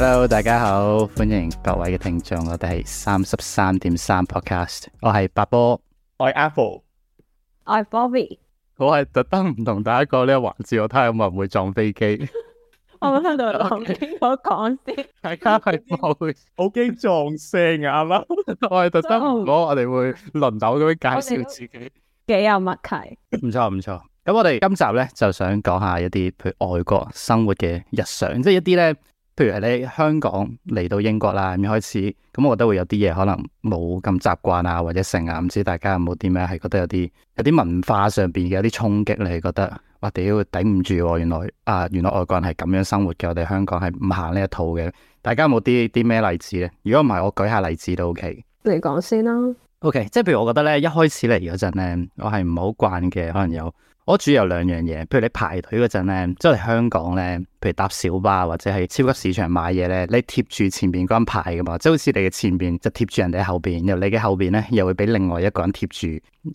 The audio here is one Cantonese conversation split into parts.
Hello，大家好，歡迎各位嘅聽眾，我哋係三十三點三 Podcast，我係八波，我係 Apple，我係 Bobby，我係特登唔同大家講呢個環節，我睇下有冇人會撞飛機。我喺度諗，我講先。大家係會好驚撞聲啊？係嘛？我係特登，如果我哋會輪流咁樣介紹自己，幾有默契。唔錯唔錯。咁我哋今集咧就想講下一啲，譬如外國生活嘅日常，即係一啲咧。譬如你香港嚟到英國啦，咁一開始，咁我覺得會有啲嘢可能冇咁習慣啊，或者成啊，唔知大家有冇啲咩係覺得有啲有啲文化上邊嘅有啲衝擊，你係覺得哇屌頂唔住喎、啊！原來啊，原來外國人係咁樣生活嘅，我哋香港係唔行呢一套嘅。大家有冇啲啲咩例子咧？如果唔係，我舉下例子都 OK。你講先啦。OK，即係譬如我覺得咧，一開始嚟嗰陣咧，我係唔好慣嘅，可能有。我主要有兩樣嘢，譬如你排隊嗰陣咧，即係香港咧，譬如搭小巴或者係超級市場買嘢咧，你貼住前邊嗰人排噶嘛，即係好似你嘅前邊就貼住人哋後邊，然後你嘅後邊咧又會俾另外一個人貼住。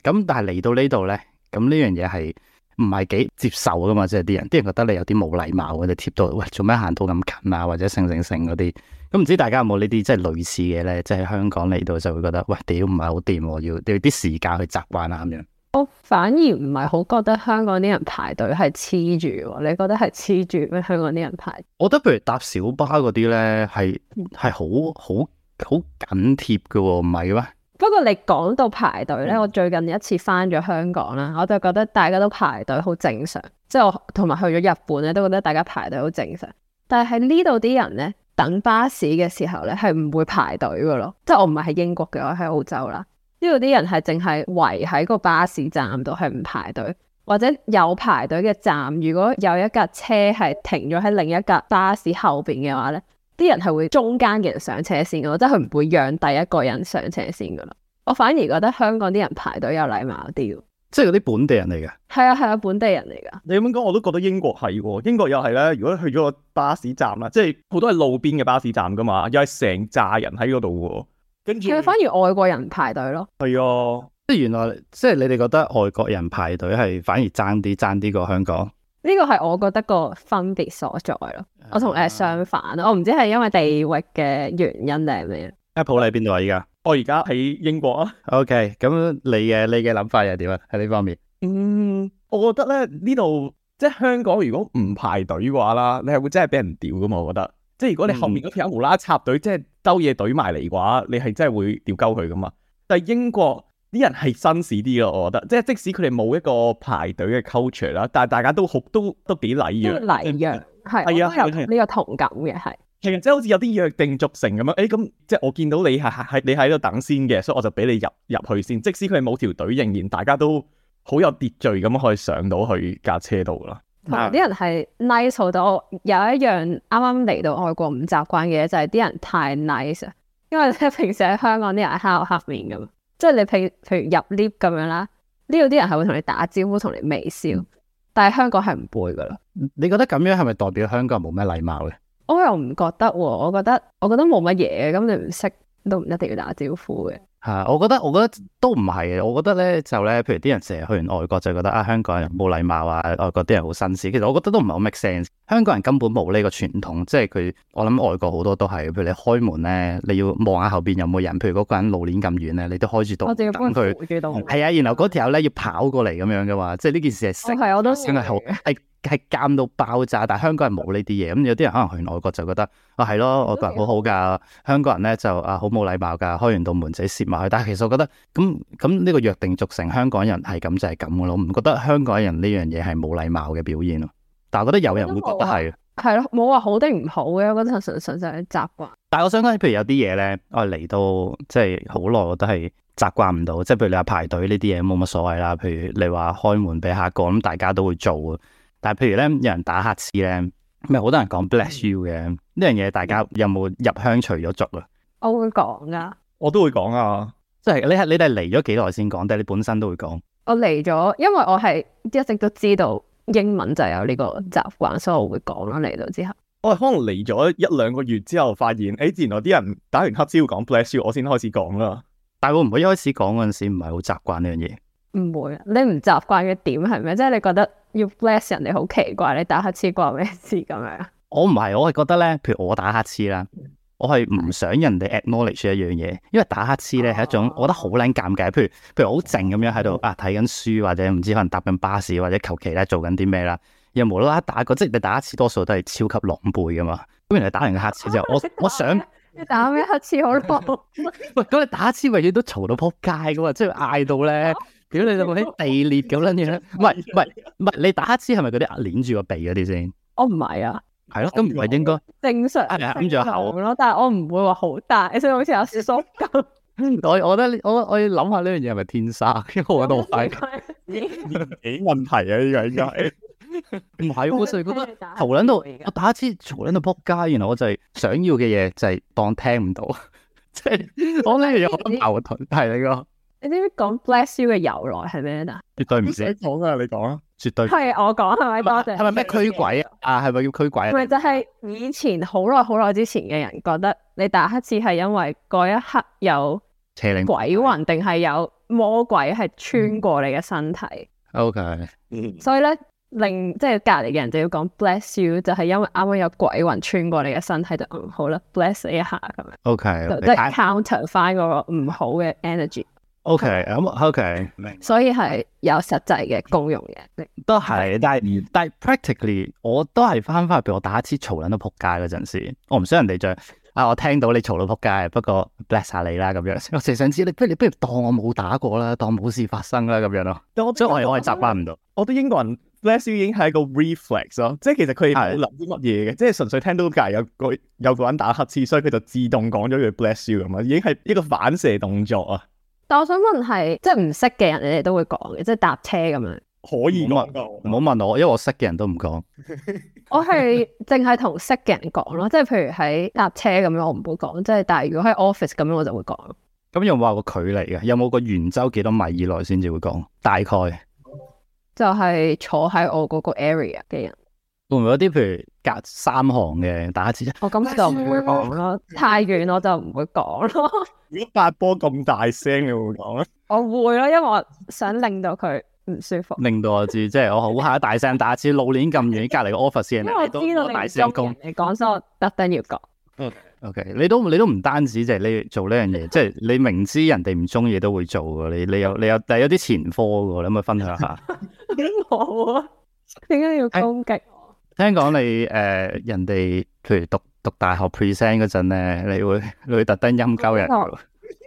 咁但係嚟到呢度咧，咁呢樣嘢係唔係幾接受噶嘛？即係啲人，啲人覺得你有啲冇禮貌，你貼到喂，做咩行到咁近啊？或者剩剩剩嗰啲，咁唔知大家有冇呢啲即係類似嘅咧？即係香港嚟到就會覺得喂，屌唔係好掂，要要啲時間去習慣啊咁樣。我反而唔係好覺得香港啲人排隊係黐住，你覺得係黐住咩？香港啲人排？我覺得譬如搭小巴嗰啲呢，係係好好好緊貼嘅，唔係咩？不，不過你講到排隊呢，我最近一次返咗香港啦，我就覺得大家都排隊好正常。即係我同埋去咗日本咧，都覺得大家排隊好正常。但係喺呢度啲人呢，等巴士嘅時候呢，係唔會排隊㗎咯。即係我唔係喺英國嘅，我喺澳洲啦。知道啲人係淨係圍喺個巴士站度係唔排隊，或者有排隊嘅站，如果有一架車係停咗喺另一架巴士後邊嘅話呢，啲人係會中間嘅人上車先，即係佢唔會讓第一個人上車先㗎啦。我反而覺得香港啲人排隊有禮貌啲咯，即係嗰啲本地人嚟嘅。係啊係啊，本地人嚟㗎。你咁講我都覺得英國係喎，英國又係呢。如果去咗個巴士站啦，即係好多係路邊嘅巴士站㗎嘛，又係成扎人喺嗰度喎。跟住，佢反而外國人排隊咯，係啊、哦，即係原來即係、就是、你哋覺得外國人排隊係反而爭啲爭啲過香港，呢個係我覺得個分別所在咯。啊、我同 a 相反咯，我唔知係因為地域嘅原因定係咩 Apple 喺邊度啊？依家我而家喺英國啊。OK，咁你嘅你嘅諗法又係點啊？喺呢方面，嗯，我覺得咧呢度，即係香港如果唔排隊嘅話啦，你係會真係俾人屌噶嘛？我覺得，即係如果你後面嗰條友無啦啦插隊，即係、嗯。周夜隊埋嚟嘅話，你係真係會掉鳩佢噶嘛？但係英國啲人係紳士啲咯，我覺得，即係即使佢哋冇一個排隊嘅 culture 啦，但係大家都好都都幾禮讓，禮讓係係啊，有呢、啊、個同感嘅係。其實、哎，即係好似有啲約定俗成咁樣，誒咁即係我見到你係係你喺度等先嘅，所以我就俾你入入去先。即使佢哋冇條隊，仍然大家都好有秩序咁可以上到去架車度啦。同埋啲人係 nice 好多，有一樣啱啱嚟到外國唔習慣嘅就係、是、啲人太 nice 啊，因為咧平時喺香港啲人係黑黑面㗎嘛，即係你譬譬如入 lift 咁樣啦，呢度啲人係會同你打招呼，同你微笑，但係香港係唔會㗎喇。你覺得咁樣係咪代表香港人冇咩禮貌咧？我又唔覺得喎、啊，我覺得我覺得冇乜嘢，咁你唔識都唔一定要打招呼嘅。係、uh，我覺得我覺得都唔係嘅。我覺得咧就咧，譬如啲人成日去完外國就覺得啊，香港人冇禮貌啊，外國啲人好新鮮。其實我覺得都唔係好 make sense。香港人根本冇呢個傳統，即係佢我諗外國好多都係，譬如你開門咧，你要望下後邊有冇人。譬如嗰個人路鏈咁遠咧，你都開住度等佢，我哋要關門係啊，然後嗰條友咧要跑過嚟咁樣嘅嘛。即係呢件事係，係我都真 係監到爆炸，但香港人冇呢啲嘢。咁、嗯、有啲人可能去外國就覺得啊，係咯，外國人好好噶。香港人咧就啊，好冇禮貌噶，開完道門仔攝埋去。但其實我覺得咁咁呢個約定俗成，香港人係咁就係咁嘅咯。我唔覺得香港人呢樣嘢係冇禮貌嘅表現咯。但係我覺得有人會覺得係啊，係咯，冇話好定唔好嘅，我覺得純純粹係習慣。但我想講，譬如有啲嘢咧，我嚟到即係好耐我都係習慣唔到。即係譬如你話排隊呢啲嘢冇乜所謂啦。譬如你話開門俾客過，咁大家都會做。但係譬如咧，有人打乞嗤咧，咪好多人講 bless you 嘅呢樣嘢。嗯、大家有冇入鄉隨咗俗啊？我會講噶，我都會講啊。即係你係你哋嚟咗幾耐先講，定係你本身都會講？我嚟咗，因為我係一直都知道英文就有呢個習慣，所以我會講咯。嚟到之後，我可能嚟咗一兩個月之後，發現誒，原、哎、來啲人打完乞嗤要講 bless you，我先開始講啦。但係會唔會一開始講嗰陣時，唔係好習慣呢樣嘢？唔會啊！你唔習慣嘅點係咩？即係你覺得要 bless 人哋好奇怪，你打乞嗤怪咩事咁樣？我唔係，我係覺得咧，譬如我打乞嗤啦，我係唔想人哋 acknowledge 一樣嘢，因為打乞嗤咧係一種我覺得好撚尷尬。譬如譬如好靜咁樣喺度啊，睇緊書或者唔知可能搭緊巴士或者求其咧做緊啲咩啦，又無啦啦打個，即係你打乞嗤多數都係超級狼狽噶嘛。咁原來打完個乞嗤之後，我我想你打咩乞嗤好狼？喂，咁你打乞嗤咪要都嘈到撲街噶嘛？即係嗌到咧～屌，你就喺地裂咁樣樣，唔係唔係唔係，你打乞嗤係咪嗰啲捻住個鼻嗰啲先？我唔係啊，係咯，咁唔係應該正常，係咪咁就頭咯？但係我唔會話好大，所以好似有縮咁。我我覺得我我要諗下呢樣嘢係咪天生？因為我喺度睇幾問題啊！依家依家唔係好成日覺得頭捻到，我打乞嗤嘈捻到撲街，然後我就係想要嘅嘢就係當聽唔到，即係我呢樣嘢好矛盾，係你個。你知唔知講 bless you 嘅由來係咩啊？絕對唔使講啦，你講啊，絕對係我講係咪多謝，謝？係咪咩驅鬼啊？啊，係咪叫驅鬼啊？唔係，就係以前好耐好耐之前嘅人覺得，你打乞嗤係因為嗰一刻有邪靈鬼魂定係有魔鬼係穿過你嘅身體。嗯、OK，所以咧，令即係隔籬嘅人就要講 bless you，就係因為啱啱有鬼魂穿過你嘅身體就，就、嗯、好啦，bless 你一下咁樣。OK，就都你看 counter 返個唔好嘅 energy。OK，OK，明。Okay, um, okay. 所以係有實際嘅功用嘅，嗯、都係，但係但係 practically，我都係翻翻入去我打一次嘈，吵人到仆街嗰陣時，我唔想人哋再啊，我聽到你嘈到仆街，不過 bless 下你啦咁樣。我成日想知你不如你不如當我冇打過啦，當冇事發生啦咁樣咯。但係我真係我係習慣唔到，我覺得英國人 bless you 已經係一個 reflex 咯，即係其實佢係冇諗啲乜嘢嘅，的即係純粹聽到隔籬有個有個人打乞嗤，所以佢就自動講咗句 bless you 咁啊，已經係一個反射動作啊。但我想問係，即係唔識嘅人你哋都會講嘅，即係搭車咁樣。可以問，我話唔好問我，因為我識嘅人都唔講。 我係淨係同識嘅人講咯，即係譬如喺搭車咁樣我唔會講，即係但係如果喺 office 咁樣我就會講。咁又冇話個距離嘅？有冇個圓周幾多米以內先至會講？大概就係坐喺我嗰個 area 嘅人。會唔會有啲譬如隔三行嘅打字？我咁就唔會講咯， 太遠我就唔會講咯。如果八波咁大聲，你會講咩？ 我會咯，因為我想令到佢唔舒服，令到我知，即係我好嚇大聲打字，六 年咁遠，隔離個 office 因為我知道你，大聲講。你講，所以我特登要講。OK，你都你都唔單止即係你做呢樣嘢，即係 你明知人哋唔中意都會做㗎。你你有你有，但係有啲前科㗎。你可唔可以分享下？我點解要攻擊？哎聽講你誒、呃，人哋譬如讀讀大學 present 嗰陣咧，你會你會特登陰鳩人，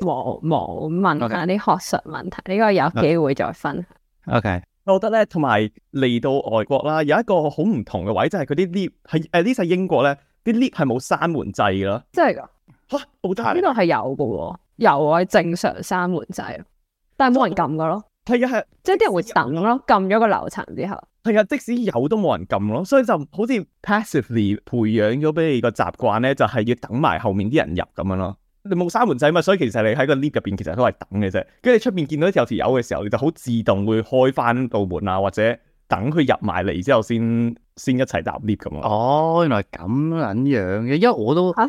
冇冇問下啲學術問題？呢 Okay. 個有機會再分享 OK，我覺得咧，同埋嚟到外國啦，有一個好唔同嘅位就係佢啲 lift 係誒，呢世英國咧啲 lift 係冇閂門制咯，真係噶吓？澳洲呢度係有嘅，有啊，正常閂門制，但係冇人撳嘅咯。哦係啊，係，即係啲人會等咯，撳咗個樓層之後，係啊，即使有都冇人撳咯，所以就好似 passively 培養咗俾你個習慣咧，就係要等埋後面啲人入咁樣咯。你冇閂門仔嘛，所以其實你喺個 lift 入邊其實都係等嘅啫。跟住你出面見到有條友嘅時候，你就好自動會開翻道門啊，或者。等佢入埋嚟之後先先一齊搭 lift 咁哦，原來咁樣樣嘅，因為我都，啊、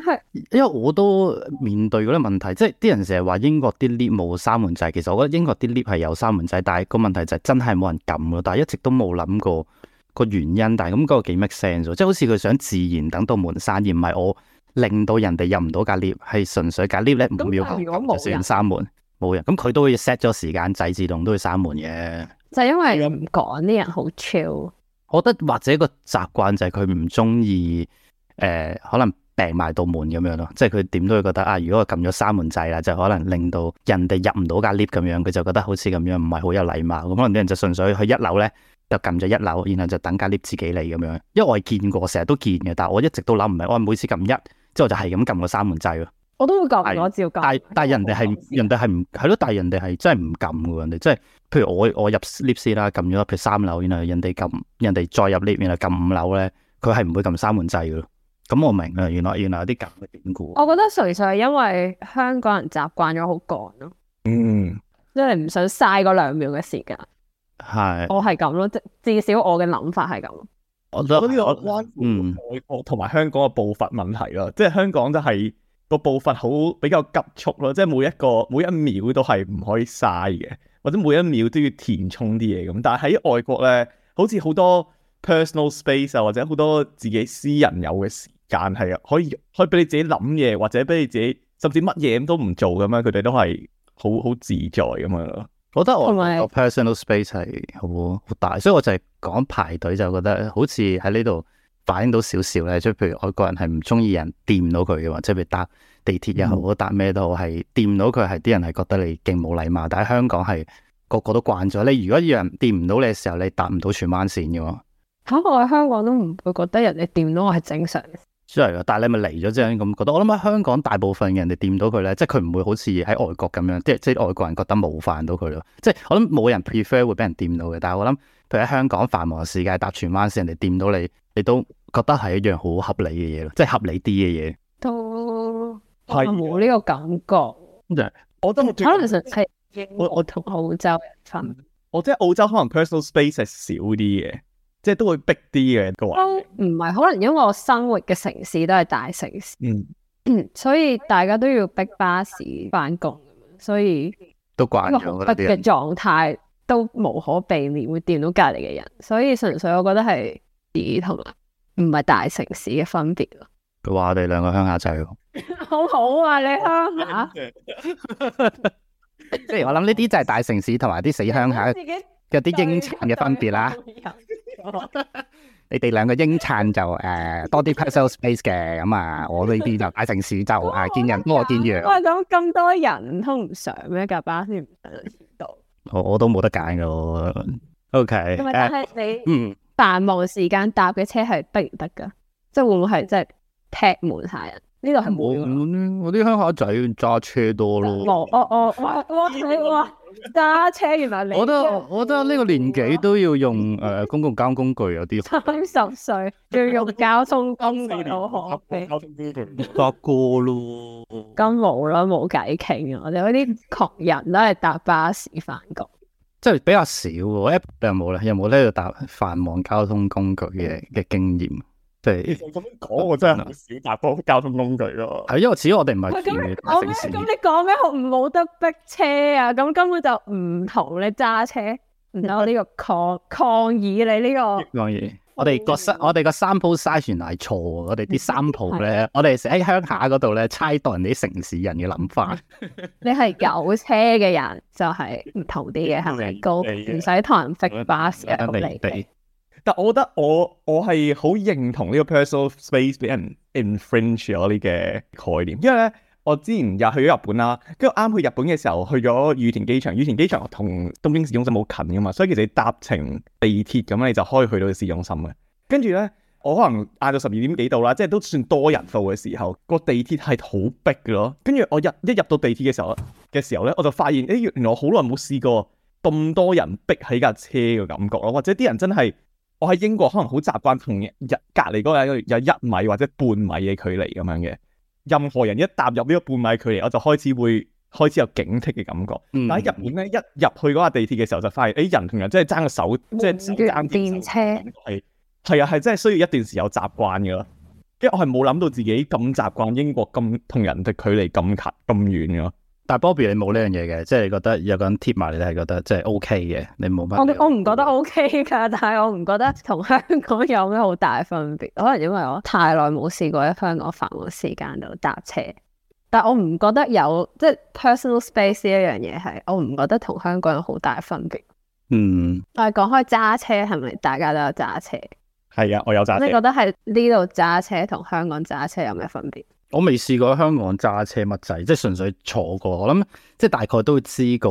因為我都面對嗰啲問題，即係啲人成日話英國啲 lift 冇閂門掣，其實我覺得英國啲 lift 係有閂門掣，但係個問題就真係冇人撳咯，但係一直都冇諗過個原因，但係咁嗰個幾 make sense？即係好似佢想自然等到門閂，而唔係我令到人哋入唔到架 lift，係純粹架 lift 咧唔要人撳，就算閂門冇人，咁佢都會 set 咗時間制，自動都會閂門嘅。就因為唔講啲人好 chill，我覺得或者個習慣就係佢唔中意誒，可能病埋到門咁樣咯，即係佢點都會覺得啊，如果我撳咗三門掣啦，就可能令到人哋入唔到間 lift 咁樣，佢就覺得好似咁樣唔係好有禮貌。咁可能啲人就純粹去一樓咧，就撳咗一樓，然後就等間 lift 自己嚟咁樣。因為我係見過，成日都見嘅，但係我一直都諗唔明，我、啊、每次撳一，之後就係咁撳個三門掣。我都會撳，是我照撳。但人但人哋係人哋係唔係咯？但係人哋係真係唔撳嘅。人哋即係，譬如我我入 lift 啦，撳咗佢三樓，然後人哋撳人哋再入 lift，然後撳五樓咧，佢係唔會撳三門掣嘅。咁我明啦，原來原來有啲撳嘅典故。我覺得純粹係因為香港人習慣咗好趕咯，嗯，即係唔想嘥嗰兩秒嘅時間。係，我係咁咯，即至少我嘅諗法係咁。我覺得呢個關乎我同埋香港嘅步伐問題咯，即係香港都係。嗯個步伐好比較急促咯，即係每一個每一秒都係唔可以嘥嘅，或者每一秒都要填充啲嘢咁。但係喺外國咧，好似好多 personal space 啊，或者好多自己私人有嘅時間係可以可以俾你自己諗嘢，或者俾你自己甚至乜嘢都唔做咁樣，佢哋都係好好自在咁樣咯。我覺得我個 personal space 係好好大，所以我就係講排隊就覺得好似喺呢度。反映到少少咧，即係譬如外國人係唔中意人掂到佢嘅話，即係譬如搭地鐵又好搭咩都好，係掂到佢。係啲人係覺得你勁冇禮貌，但喺香港係個個都慣咗。你如果要人掂唔到你嘅時候，你搭唔到荃灣線嘅喎。啊！我喺香港都唔會覺得人哋掂到我係正常。真係啊！但係你咪嚟咗之後咁覺得，我諗喺香港大部分嘅人哋掂到佢咧，即係佢唔會好似喺外國咁樣，即係即係外國人覺得冒犯到佢咯。即係我諗冇人 prefer 會俾人掂到嘅，但係我諗譬如喺香港繁忙時間搭荃灣線，人哋掂到你，你都～覺得係一樣好合理嘅嘢咯，即係合理啲嘅嘢都係冇呢個感覺。實我都可能係我同澳洲分，我即係、嗯、澳洲可能 personal space 係少啲嘅，即係都會逼啲嘅個環境。都唔係可能因為我生活嘅城市都係大城市，嗯， 所以大家都要逼巴士返工，所以都慣咗呢啲嘅狀態，狀態都無可避免會掂到隔籬嘅人。所以純粹我覺得係耳同埋。唔係大城市嘅分別咯，佢話我哋兩個鄉下仔咯，好好啊，你鄉下，即係我諗呢啲就係大城市同埋啲死鄉下嘅啲英燦嘅分別啦。你哋兩個英燦就誒多啲 personal space 嘅，咁啊我呢啲就大城市就係見人多見樣。我係咁咁多人，通唔上咩架巴士唔上到。我我都冇得揀嘅喎。OK，但係你嗯。繁忙時間搭嘅車係逼唔得㗎，即係會唔會係即係踢門嚇人？呢度係冇嘅。我啲鄉下仔揸、哦哦、車多咯。我，我我我，哇哇揸車，原來你我都我都呢個年紀都要用誒、呃、公共交通工具有啲。三十歲要用交通工具咯。搭過咯，咁冇啦，冇偈傾啊！我哋嗰啲窮人都係搭巴士返工。即係比較少喎，A P P 又冇啦，又冇呢度搭繁忙交通工具嘅嘅經驗？即係你咁樣講，我真係好少搭過交通工具咯。係因為始終我哋唔係城市。講咩？咁你講咩？唔，冇得逼車啊！咁根本就唔同你揸車，唔有呢個抗抗議你呢、這個。抗議。 我哋個 sample 我哋個 sample size 係錯，我哋啲 sample 咧， 我哋喺鄉下嗰度咧，猜到人哋城市人嘅諗法。 你係有車嘅人，就係、是、唔同啲嘅，係咪？高唔使同人 fit 巴士嚟。 但係我覺得我我係好認同呢個 personal space 俾人 infringe 咗呢嘅概念，因為咧。我之前又去咗日本啦，跟住啱去日本嘅時候，去咗羽田機場。羽田機場同東京市中心好近噶嘛，所以其實你搭乘地鐵咁樣，你就可以去到市中心嘅。跟住呢，我可能晏到十二點幾到啦，即係都算多人到嘅時候，個地鐵係好逼㗎咯。跟住我入一,一入到地鐵嘅時候嘅時候咧，我就發現誒原來我好耐冇試過咁多人逼喺架車嘅感覺咯，或者啲人真係我喺英國可能好習慣同隔離嗰個有一米或者半米嘅距離咁樣嘅。任何人一踏入呢個半米距離，我就開始會開始有警惕嘅感覺。嗯、但喺日本咧一入去嗰架地鐵嘅時候就發現，誒人同人真係爭個手，即係爭電車。係係啊，係真係需要一段時間習慣嘅咯。因為我係冇諗到自己咁習慣英國咁同人哋距離咁近咁遠嘅。但 Bobby，你冇呢樣嘢嘅？即係你覺得有個人貼埋你，都係覺得即係 OK 嘅，你冇乜。我我唔覺得 OK 噶但係我唔覺得同香港有咩好大分別。可能因為我太耐冇試過喺香港繁忙時間度搭車，但我唔覺得有即係 personal space 呢樣嘢係，我唔覺得同香港有好大分別。嗯。我係講開揸車，係咪大家都有揸車？係啊，我有揸車。你覺得係呢度揸車同香港揸車有咩分別？我未試過香港揸車乜仔，即係純粹坐過。我諗即係大概都會知個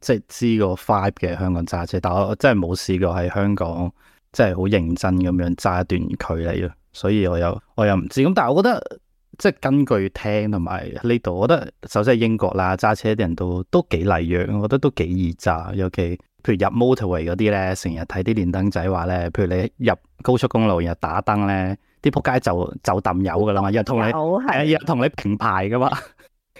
即係知個 vibe 嘅香港揸車，但係我真係冇試過喺香港即係好認真咁樣揸一段距離咯。所以我又我又唔知。咁但係我覺得即係根據聽同埋呢度，我覺得首先英國啦，揸車啲人都都幾禮讓，我覺得都幾易揸。尤其譬如入 motorway 嗰啲咧，成日睇啲電燈仔話咧，譬如你入高速公路然後打燈咧。啲仆街就就抌油噶啦嘛，又同 你，又同、 啊、你平排噶嘛，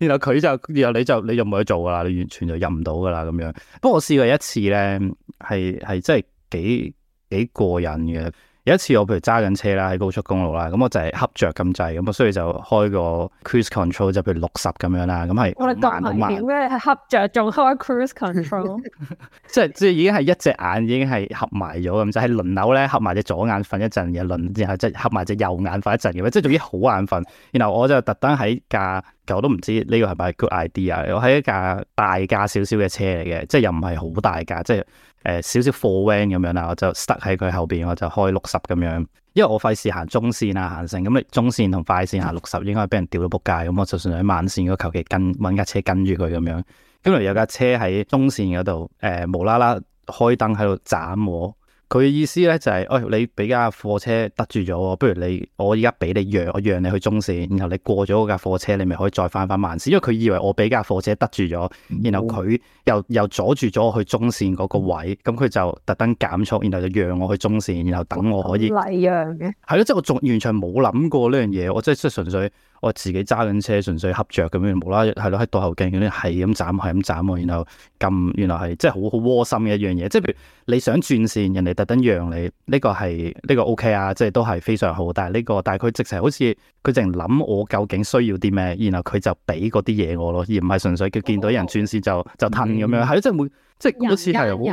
然後佢就，然後你就你就冇去做噶啦，你完全就入唔到噶啦咁樣。不過我試過一次咧，係係真係幾幾過癮嘅。有一次我譬如揸緊車啦，喺高速公路啦，咁我就係恰着咁滯，咁我所以就開個 cruise control 就譬如六十咁樣啦，咁係慢我慢嘅係恰着，仲開 cruise control， 即係即係已經係一隻眼已經係合埋咗咁，就係、是、輪流咧合埋隻左眼瞓一陣，又輪然係即係合埋隻右眼瞓一陣嘅，即係總之好眼瞓。然後我就特登喺架，其實我都唔知呢個係咪 good idea，我喺一架大架少少嘅車嚟嘅，即係又唔係好大架，即係。誒、嗯，少少貨 Van 咁樣啦，我就塞喺佢後邊，我就開六十咁樣，因為我費事行中線啊，行成咁，你中線同快線行六十，應該俾人掉到仆街，咁我就算喺慢線嗰，求其跟，搵架車跟住佢咁樣，跟住有架車喺中線嗰度，誒、呃，無啦啦開燈喺度斬我。佢嘅意思咧就係、是，哦、哎，你俾架貨車得住咗，不如你我而家俾你讓，我讓你去中線，然後你過咗嗰架貨車，你咪可以再返返慢線。因為佢以為我俾架貨車得住咗，然後佢又又阻住咗我去中線嗰個位，咁佢就特登減速，然後就讓我去中線，然後等我可以。禮讓嘅。係咯，即係我仲完全冇諗過呢樣嘢，我即係即係純粹我自己揸緊車，純粹合着咁樣，冇啦啦係咯，喺倒後鏡嗰啲係咁斬，係咁斬，然後咁，原來係即係好好窩心嘅一樣嘢。即係譬如你想轉線，人哋。特登讓你，呢，這個係呢，這個 O、OK、K 啊，即係都係非常好。但係，這，呢個，但係佢直情好似佢淨諗我究竟需要啲咩，然後佢就俾嗰啲嘢我咯，而唔係純粹佢見到人轉線就，哦，就停咁樣。係咯，嗯，即係會即係好似係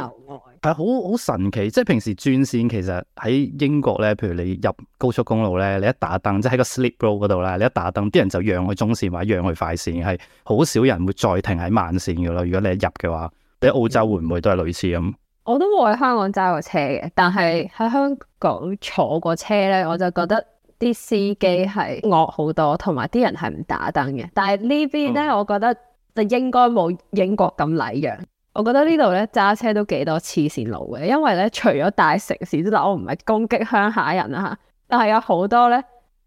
好好神奇。即係平時轉線其實喺英國咧，譬如你入高速公路咧，你一打燈，即係喺個 slip road 嗰度啦，你一打燈，啲人就讓去中線或者讓去快線，係好少人會再停喺慢線噶咯。如果你一入嘅話，你喺澳洲會唔會都係類似咁？嗯我都冇喺香港揸過車嘅，但係喺香港坐過車呢，我就覺得啲司機係惡好多，同埋啲人係唔打燈嘅。但係呢邊呢、哦，我覺得就應該冇英國咁禮讓。我覺得呢度呢，揸車都幾多黐線佬嘅，因為呢，除咗大城市，嗱我唔係攻擊鄉下人啊，但係有好多呢，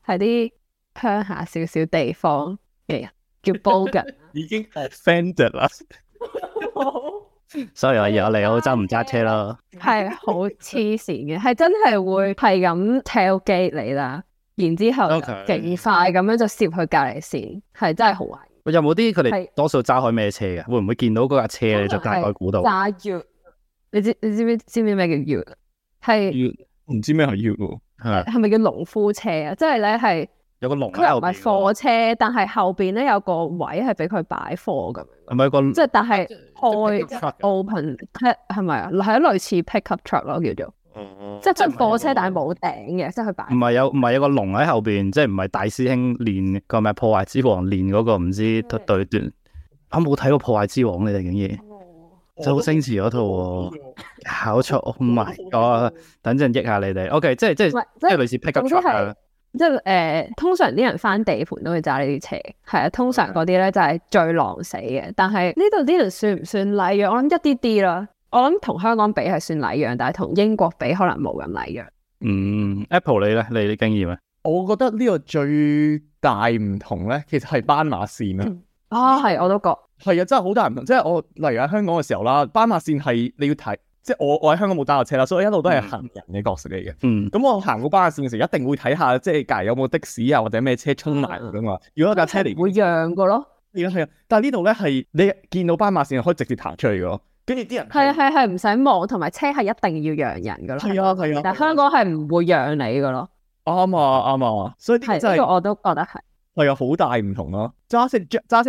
係啲鄉下少少地方嘅人叫 Bogan 嘅， 已經 offended 啦。 Sorry，我而我嚟澳洲唔揸車咯，係好黐線嘅，係真係會係咁 tell 機你啦，然之後，然後，OK，勁快咁樣就攝去隔離線，係真係好危。有冇啲佢哋多數揸開咩車嘅？會唔會見到嗰架車你就大概估到？揸 ute？你知你知唔知知唔知咩叫 ute？係唔知咩係 ute 喎？係係咪叫農夫車啊？即係咧係。有個籠喺後邊。唔係貨車，但係後邊咧有個位係俾佢擺貨咁樣。係咪個？即係但係開 open，係咪啊？係一類似 pickup truck 咯，叫做。即係即係貨車，但係冇頂嘅，即係佢擺。唔係有唔係有個籠喺後邊，即係唔係大師兄練個咩破壞之王練嗰個唔知對段？我冇睇過破壞之王，你哋竟然。哦。周星馳嗰套。考錯，唔係等陣益下你哋。O K，即係即係即係類似 pickup truck。即係誒，通常啲人返地盤都會揸呢啲車，係啊，通常嗰啲咧就係最狼死嘅。但係呢度啲人算唔算禮讓？我諗一啲啲啦，我諗同香港比係算禮讓，但係同英國比可能冇咁禮讓。嗯，Apple 你咧，你啲經驗咧？我覺得呢個最大唔同咧，其實係斑馬線啊、嗯。啊，係，我都覺係啊，真係好大唔同。即係我例如喺香港嘅時候啦，斑馬線係你要睇。即係我我喺香港冇打過車啦，所以我一路都係行人嘅角色嚟嘅。嗯，咁、嗯嗯、我行過斑馬線嘅時候，一定會睇下即係隔籬有冇的士啊或者咩車衝埋嚟噶嘛。如果有一架車嚟，啊嗯、會讓噶咯。係啊係啊，但係呢度咧係你見到斑馬線就可以直接行出去噶咯。跟住啲人係係係唔使望，同埋、啊、車係一定要讓人噶咯。係啊係啊，啊啊但香港係唔會讓你噶咯。啱啊啱啊，啊，啊，所以呢真係我都覺得係係啊，好大唔同咯、啊。揸車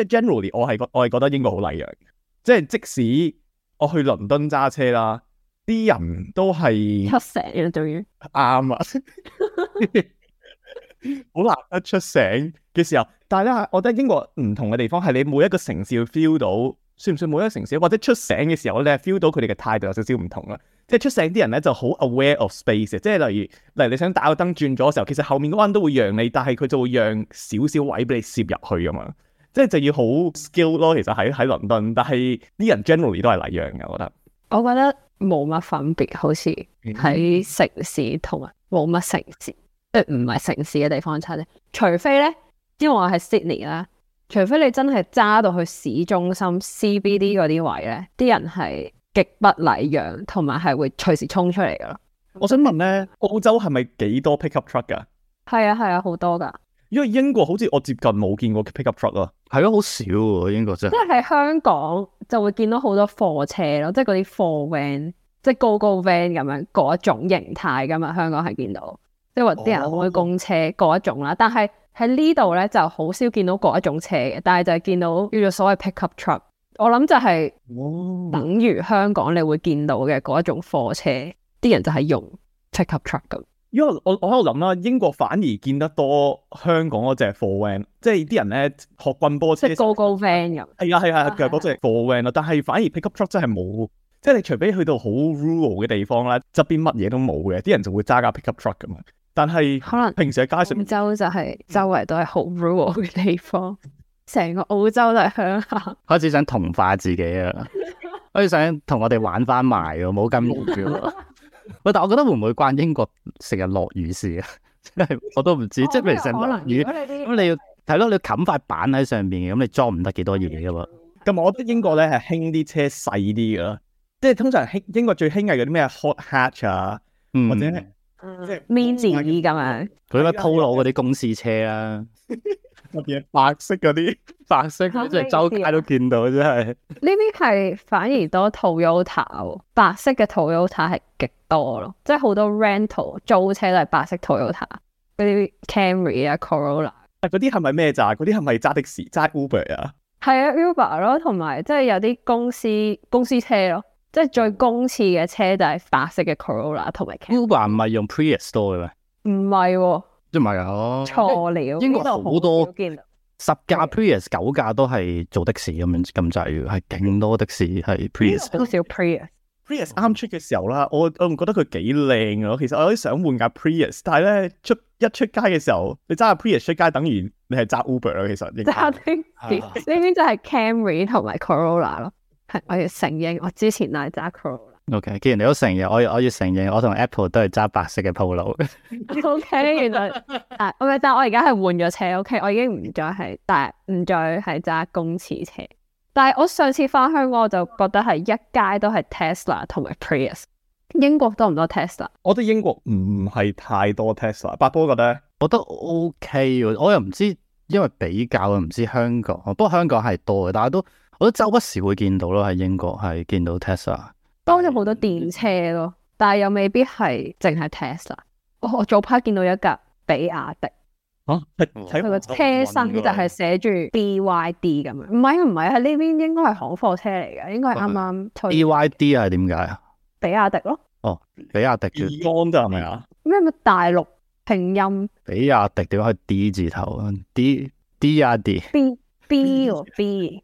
Generally，我係我係覺得英國好禮讓即係即使。我去倫敦揸車啦，啲人都係出城啦，終於啱啊，好 難得出醒嘅時候。但係咧，我覺得英國唔同嘅地方係你每一個城市會 feel 到，算唔算每一個城市？或者出城嘅時候咧，你係 feel 到佢哋嘅態度有少少唔同啦。即係出城啲人咧就好 aware of space，即係例如，例如你想打個燈轉咗嘅時候，其實後面嗰人都會讓你，但係佢就會讓少少位俾你攝入去㗎嘛。即係就要好 skill 咯，其實喺喺倫敦，但係啲人 generally 都係禮讓嘅，我覺得。我覺得冇乜分別，好似喺城市同埋冇乜城市，誒唔係城市嘅地方差啫。除非咧，因為我係 Sydney 啦，除非你真係揸到去市中心 CBD 嗰啲位咧，啲人係極不禮讓，同埋係會隨時衝出嚟噶啦。我想問咧，澳洲係咪幾多 pickup truck 噶？係啊係啊，好多噶。因為英國好似我接近冇見過 pickup truck 啊，係咯，好少喎英國真係。即係喺香港就會見到好多貨車咯，即係嗰啲貨 van，即係 Go Go van，即係高高 van 咁樣嗰一種形態噶嘛。香港係見到，即係話啲人會公車嗰一種啦。Oh. 但係喺呢度咧就好少見到嗰一種車嘅，但係就係見到叫做所謂 pickup truck。我諗就係等於香港你會見到嘅嗰一種貨車，啲、oh. 人就係用 pickup truck 咁。因為我我喺度諗啦，英國反而見得多香港嗰隻貨 van，即係啲人咧學棍波，即係高高 van 咁。係啊係啊，佢係嗰隻貨 van，但係反而 pickup truck 真係冇，即係你除非去到好 rural 嘅地方咧，側邊乜嘢都冇嘅，啲人就會揸架 pickup truck 咁樣。但係可能平時喺街上面，澳洲就係周圍都係好 rural 嘅地方，成、嗯、個澳洲都係鄉下。開始想同化自己啊， 開始想同我哋玩翻埋，冇咁 喂，但我覺得會唔會關英國成日落雨事啊？即係我都唔知，即係譬如成日落雨，咁你，、嗯、你要睇咯，你冚塊板喺上邊嘅，咁、嗯、你裝唔得幾多嘢嘅嘛？咁我覺得英國咧係興啲車細啲嘅囉，即係通常興英國最興係嗰啲咩 hot hatch 啊，或者即係 mini 咁樣，佢啲咩 polo 嗰啲公司車啦、啊。 乜嘢白色嗰啲白色，即係周街都見到，真係。呢啲係反而多 Toyota、哦、白色嘅 Toyota 係極多咯，即係好多 Rental 租車都係白色 Toyota 嗰啲 Camry 啊 Corolla。誒 cor，嗰啲係咪咩咋？嗰啲係咪揸的士揸 Uber 啊？係啊 Uber 咯，同埋即係有啲公司公司車咯，即係最公廁嘅車就係白色嘅 Corolla 同埋 Camry。Uber 唔係用 Prius 嘅咩？唔係、啊。即係唔係啊？錯了，英國都好多十架 Prius，九架都係做的士咁樣咁滯，係勁 us 多，多的士係 Prius。好少 Prius。Prius 啱出嘅時候啦，我我唔覺得佢幾靚咯。其實我有啲想換架 Prius，但係咧，出一出街嘅時候，你揸下 Prius 出街等於你係揸 Uber 咯。其實揸啲點？點樣就係 Camry 同埋 Corolla 咯。係 我要承認，我之前係揸 Corolla。OK，既然你都承認，我要我要承認，我同 Apple 都係揸白色嘅 Polo。OK，原來、 啊、但我而家係換咗車。OK，我已經唔再係，但係唔再係揸公廁車。但係我上次翻香港，我就覺得係一街都係 Tesla 同埋 Prius。英國多唔多 Tesla？我覺得英國唔係太多 Tesla。八哥覺得咧？我覺得 OK，我又唔知，因為比較又唔知香港。不過香港係多嘅，但係都，我覺得周不時會見到咯。喺英國係見到 Tesla。多咗好多電車咯，但係又未必係淨係 Tesla。哦。我我早排 a 見到一架比亞迪，吓睇佢個車身就係寫住 BYD 咁樣。唔係啊，唔係啊，呢邊應該係行貨車嚟嘅，應該係啱啱推。BYD 係點解啊？比亞迪咯。哦，比亞迪。浙江係咪啊？咩咩大陸拼音？比亞迪點解係 D 字頭啊？D D 啊 D。B B 哦 B。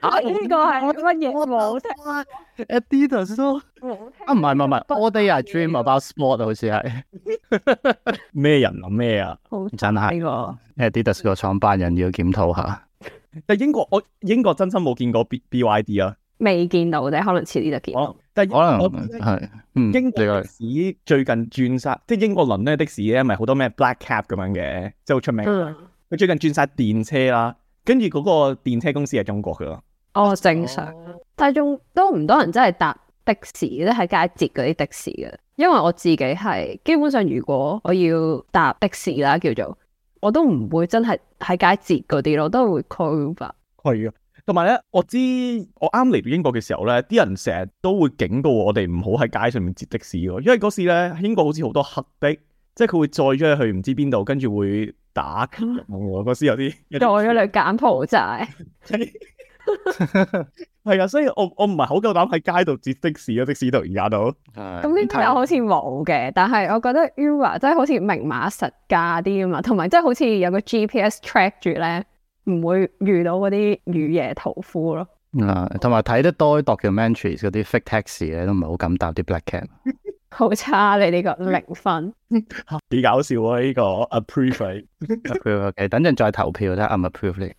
啊！呢個係乜嘢？我冇聽。Adidas 都冇聽。啊，唔係唔係唔係。All day I dream about sport，好似係咩人啊？咩啊？真係。Adidas 個創辦人要檢討下。但英國我英國真心冇見過 B B Y D 啊。未見到啫，可能遲啲就見到。但可能係嗯，英國的士最近轉晒，即係英國倫敦的士咧，咪好多咩 black cab 咁樣嘅，即係好出名。佢最近轉晒電車啦。跟住嗰個電車公司係中國嘅咯。哦，正常。但仲都唔多人真係搭的士咧，喺街接嗰啲的士嘅。因為我自己係基本上，如果我要搭的士啦，叫做我都唔會真係喺街接嗰啲咯，都係會 call app 啦。係啊，同埋咧，我知我啱嚟到英國嘅時候咧，啲人成日都會警告我哋唔好喺街上面接的士嘅，因為嗰時咧英國好似好多黑的，即係佢會載咗你去唔知邊度，跟住會打㗎，我嗰時有啲在咗度柬埔寨，係 啊， 所以我我唔係好夠膽喺街度接的士啊，的士度而家度，咁呢條友好似冇嘅，但係我覺得 Uber 真係好似明碼實價啲啊嘛，同埋即係好似有個 GPS track 住咧，唔會遇到嗰啲雨夜屠夫咯。啊，同埋睇得多 documentary 嗰啲 fake taxi 咧，都唔係好敢搭啲 black cab。 好差，你呢個零分。 好，幾搞笑啊呢、這個 approve，approve， okay, 等陣再投票啦，I'm approve it，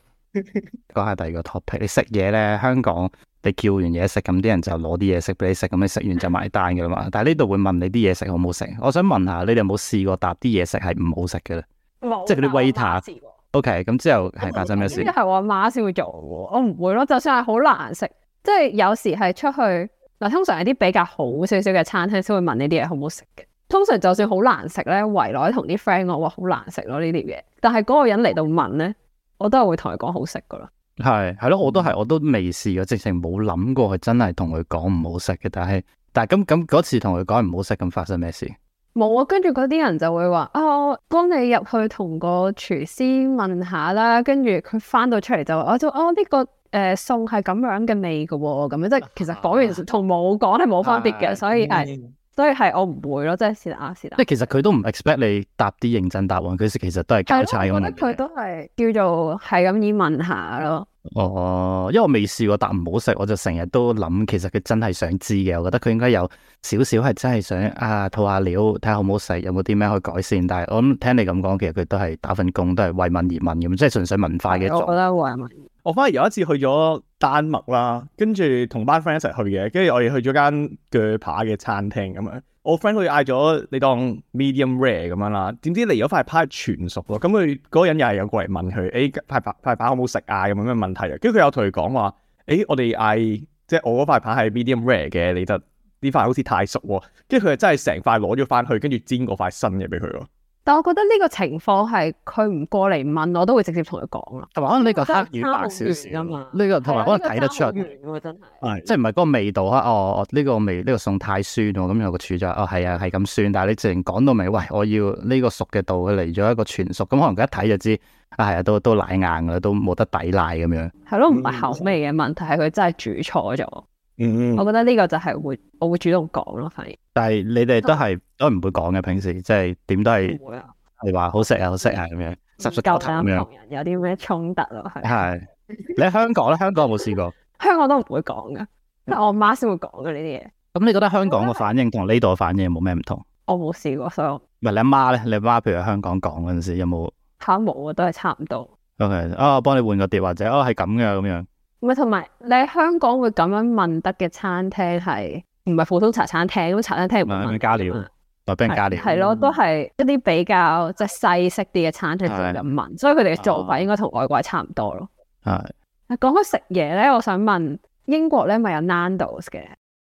講下第二個 topic，你食嘢咧，香港你叫完嘢食，咁啲人就攞啲嘢食俾你食，咁你食完就埋單噶啦嘛， 但係呢度會問你啲嘢食好唔好食，我想問下你哋有冇試過答啲嘢食係唔好食嘅咧？有即係嗰啲 waiter，OK，咁之後係發生咩事？呢啲係我媽先會做，我唔會咯，就算係好難食，即、就、係、是、有時係出去。通常係啲比較好少少嘅餐廳先會問呢啲嘢好唔好食嘅。通常就算好難食咧，圍內同啲 friend 講，哇，好難食咯呢啲嘢。但係嗰個人嚟到問咧，我都係會同佢講好食噶咯。係係咯，我都係，我都未試過，直情冇諗過佢真係同佢講唔好食嘅。但係但係咁咁嗰次同佢講唔好食咁發生咩事？冇啊，跟住嗰啲人就會話哦，幫你入去同個廚師問下啦。跟住佢翻到出嚟就話我就哦呢、這個。誒，餸係咁樣嘅味㗎喎，咁樣即係其實講完同冇講係冇分別嘅，唉所以係，所以係我唔會咯，即係試啊，試啊。即係其實佢都唔 expect 你答啲認真答案，佢其實都係交差，咁我覺得佢都係叫做係咁意問下咯。哦，因為我未試過答唔好食，我就成日都諗，其實佢真係想知嘅，我覺得佢應該有少少係真係想啊吐下料，睇下好唔好食，睇下有冇啲咩可以改善。但係我諗聽你咁講，其實佢都係打份工，都係為問而問咁，即係純粹文化嘅。我覺得我反而有一次去咗丹麥啦，跟住同班 friend 一齊去嘅，跟住我哋去咗間鋸扒嘅餐廳咁樣，我 friend 佢嗌咗，你當 medium rare 咁樣啦，點知嚟咗塊扒全熟咯，咁佢嗰個人又係有過嚟問佢，誒，塊扒塊扒好唔好食啊？咁樣嘅問題？跟住佢有同佢講話，誒、哎、我哋嗌即係我嗰塊扒係 medium rare 嘅，你就呢塊好似太熟，跟住佢又真係成塊攞咗翻去，跟住煎嗰塊新嘢俾佢咯。但我覺得呢個情況係佢唔過嚟問我，我都會直接同佢講啦。同埋、這個、可能呢個黑與白少少噶嘛，呢個同埋可能睇得出。啊這個、真係，是即係唔係嗰個味道啊？哦，呢、這個味呢、這個餸太酸、嗯哦、啊！咁有個處長，哦係啊，係咁酸。但係你直情講到尾，喂，我要呢個熟嘅度，佢嚟咗一個全熟，咁、嗯、可能佢一睇就知啊，係、哎、啊，都都賴硬噶啦，都冇得抵賴咁樣。係咯、嗯，唔係口味嘅問題，係佢真係煮錯咗。嗯嗯， 我覺得呢個就係會，我會主動講咯，反而。 但係你哋都係都唔會講嘅，平時即係點都係唔會啊。你話好食啊，好識啊咁樣，十十九頭咩啊？有啲咩衝突咯，係。係。你喺香港咧？香港有冇試過？香港都唔會講噶，係我媽先會講嘅呢啲嘢。咁、嗯、 你覺得香港嘅反應同呢度嘅反應有冇咩唔同？我冇試過，所以。唔係你阿媽咧？你阿媽譬如喺香港講嗰陣時，有冇？吓冇啊，都係差唔多。O K，啊，我幫你換個碟，或者哦，係咁嘅咁樣。唔係，同埋你喺香港會咁樣問得嘅餐廳係唔係普通茶餐廳？咁茶餐廳唔會加料，同埋俾人加料。係咯，都係一啲比較即係西式啲嘅餐廳咁樣問，的所以佢哋嘅做法應該同外國係差唔多咯。係的。講開食嘢咧，我想問英國咧，咪有 Nandos 嘅？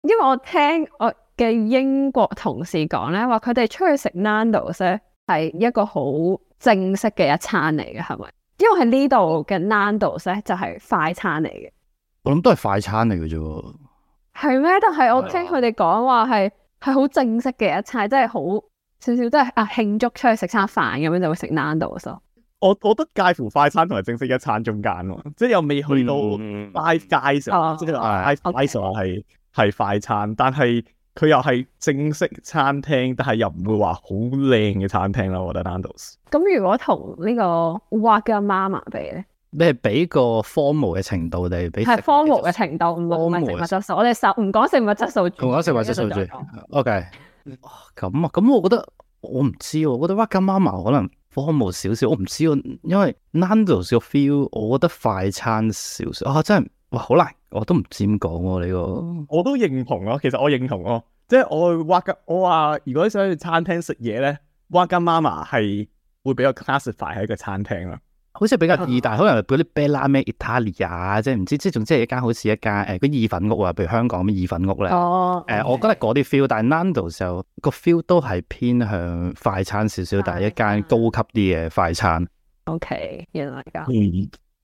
因為我聽我嘅英國同事講咧，話佢哋出去食 Nandos 咧，係一個好正式嘅一餐嚟嘅，係咪？因為喺呢度嘅 Nandos 咧，就係快餐嚟嘅。我諗都係快餐嚟嘅啫喎。係咩？但係我聽佢哋講話係係好正式嘅一餐，即係好少少，都係啊慶祝出去食餐飯咁樣就會食 Nandos。我我覺得介乎快餐同埋正式一餐中間喎，即係又未去到 Five Guys，即係 Five Guys 係係快餐，但係。佢又係正式餐廳，但係又唔會話好靚嘅餐廳咯。我覺得 Nando’s。咁如果同 am 呢個 Wagamama 比咧？咩？比個 Formal 嘅程度定比？Formal 嘅程度，唔講食物質素。我哋唔講食物質素住。唔講食物質素，物質素 OK。咁啊，咁、啊、我覺得我唔知喎。我覺得 Wagamama am 可能 Formal 少少，我唔知喎，因為 Nando’s 嘅 feel，我覺得快餐少少。哦、啊，真係～哇，好難，我都唔知點講喎呢個，我都認同咯。其實我認同咯，即係我挖嘅。我話如果你想去餐廳食嘢咧，話金媽媽係會比較 classify 喺個餐廳啦。好似比較意大利，哦、可能嗰啲咩 Italia 啊，即係唔知即係總之一間好似一間誒，嗰、哎、意粉屋啊，譬如香港嘅意粉屋咧。哦，誒、okay. 啊，我覺得嗰啲 feel，但係 Nando 就個 feel 都係偏向快餐少少，但係一間高級啲嘅快餐。O K，原來噶。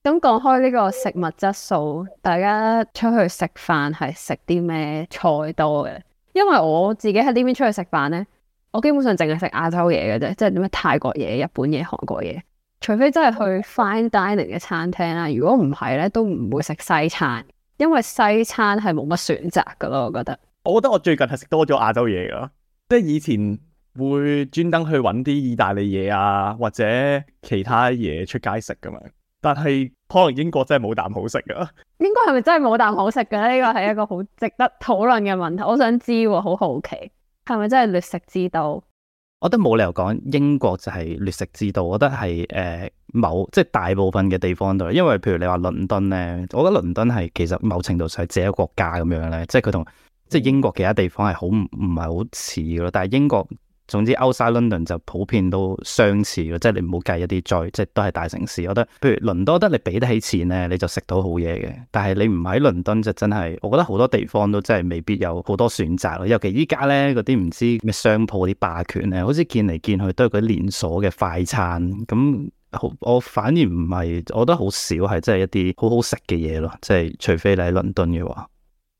咁講開呢個食物質素，大家出去食飯係食啲咩菜多嘅？因為我自己喺呢邊出去食飯咧，我基本上淨係食亞洲嘢嘅啫，即係點樣泰國嘢、日本嘢、韓國嘢，除非真係去 fine dining 嘅餐廳啦。如果唔係咧，都唔會食西餐，因為西餐係冇乜選擇嘅咯。我覺得，我覺得我最近係食多咗亞洲嘢噶，即係以前會專登去揾啲意大利嘢啊，或者其他嘢出街食咁樣。但係可能英國真係冇啖好食噶，應該係咪真係冇啖好食嘅？呢個係一個好值得討論嘅問題， 我想知喎，好好奇係咪真係劣食之都？我覺得冇理由講英國就係劣食之都，我覺得係誒某即係大部分嘅地方度，因為譬如你話倫敦咧，我覺得倫敦係其實某程度上係自己一個國家咁樣咧，即係佢同即係英國其他地方係好唔唔係好似咯，但係英國。總之，歐沙倫敦就普遍都相似咯，即係你唔好計一啲在，即係都係大城市。我覺得，譬如倫敦，多得你俾得起錢咧，你就食到好嘢嘅。但係你唔喺倫敦，就真係，我覺得好多地方都真係未必有好多選擇咯。尤其依家咧，嗰啲唔知咩商鋪啲霸權咧，好似見嚟見去都係嗰啲連鎖嘅快餐。咁好，我反而唔係，我覺得好少係真係一啲好好食嘅嘢咯。即係除非你喺倫敦嘅話，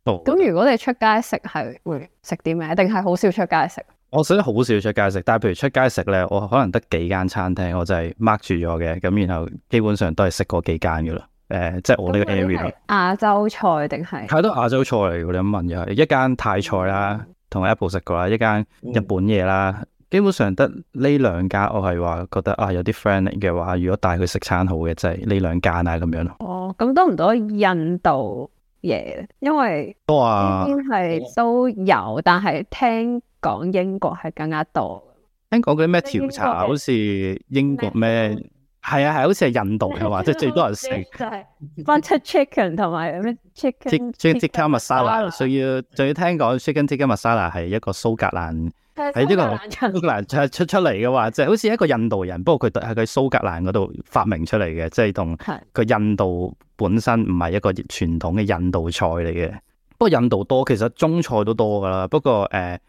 咁如果你出街食係會食啲咩？定係好少出街食？我食得好少出街食，但係譬如出街食咧，我可能得幾間餐廳，我就係 mark 住咗嘅，咁然後基本上都係食過幾間噶啦。誒、呃，即係我呢個 area。亞洲菜定係？係都亞洲菜嚟嘅，你咁問又係一間泰菜啦，同 Apple 食過啦，一間日本嘢啦，嗯、基本上得呢兩間我係話覺得啊有啲 friend 嘅話，如果帶佢食餐好嘅就係呢兩間啊咁樣咯。哦，咁多唔多印度嘢？因為都啊，係都有，哦啊、但係聽。講英國係更加多。聽講嗰啲咩調查，好似英國咩係啊係，好似係印度嘅話，即係最多人食。就係 fried chicken 同埋咩 chicken chicken tikka masala。仲要仲要聽講 chicken tikka masala 係一個蘇格蘭喺呢個蘇格蘭出出嚟嘅話，就好似一個印度人，不過佢喺佢蘇格蘭嗰度發明出嚟嘅，即係同個印度本身唔係一個傳統嘅印度菜嚟嘅。不過印度多，其實中菜都多㗎喇。不過誒。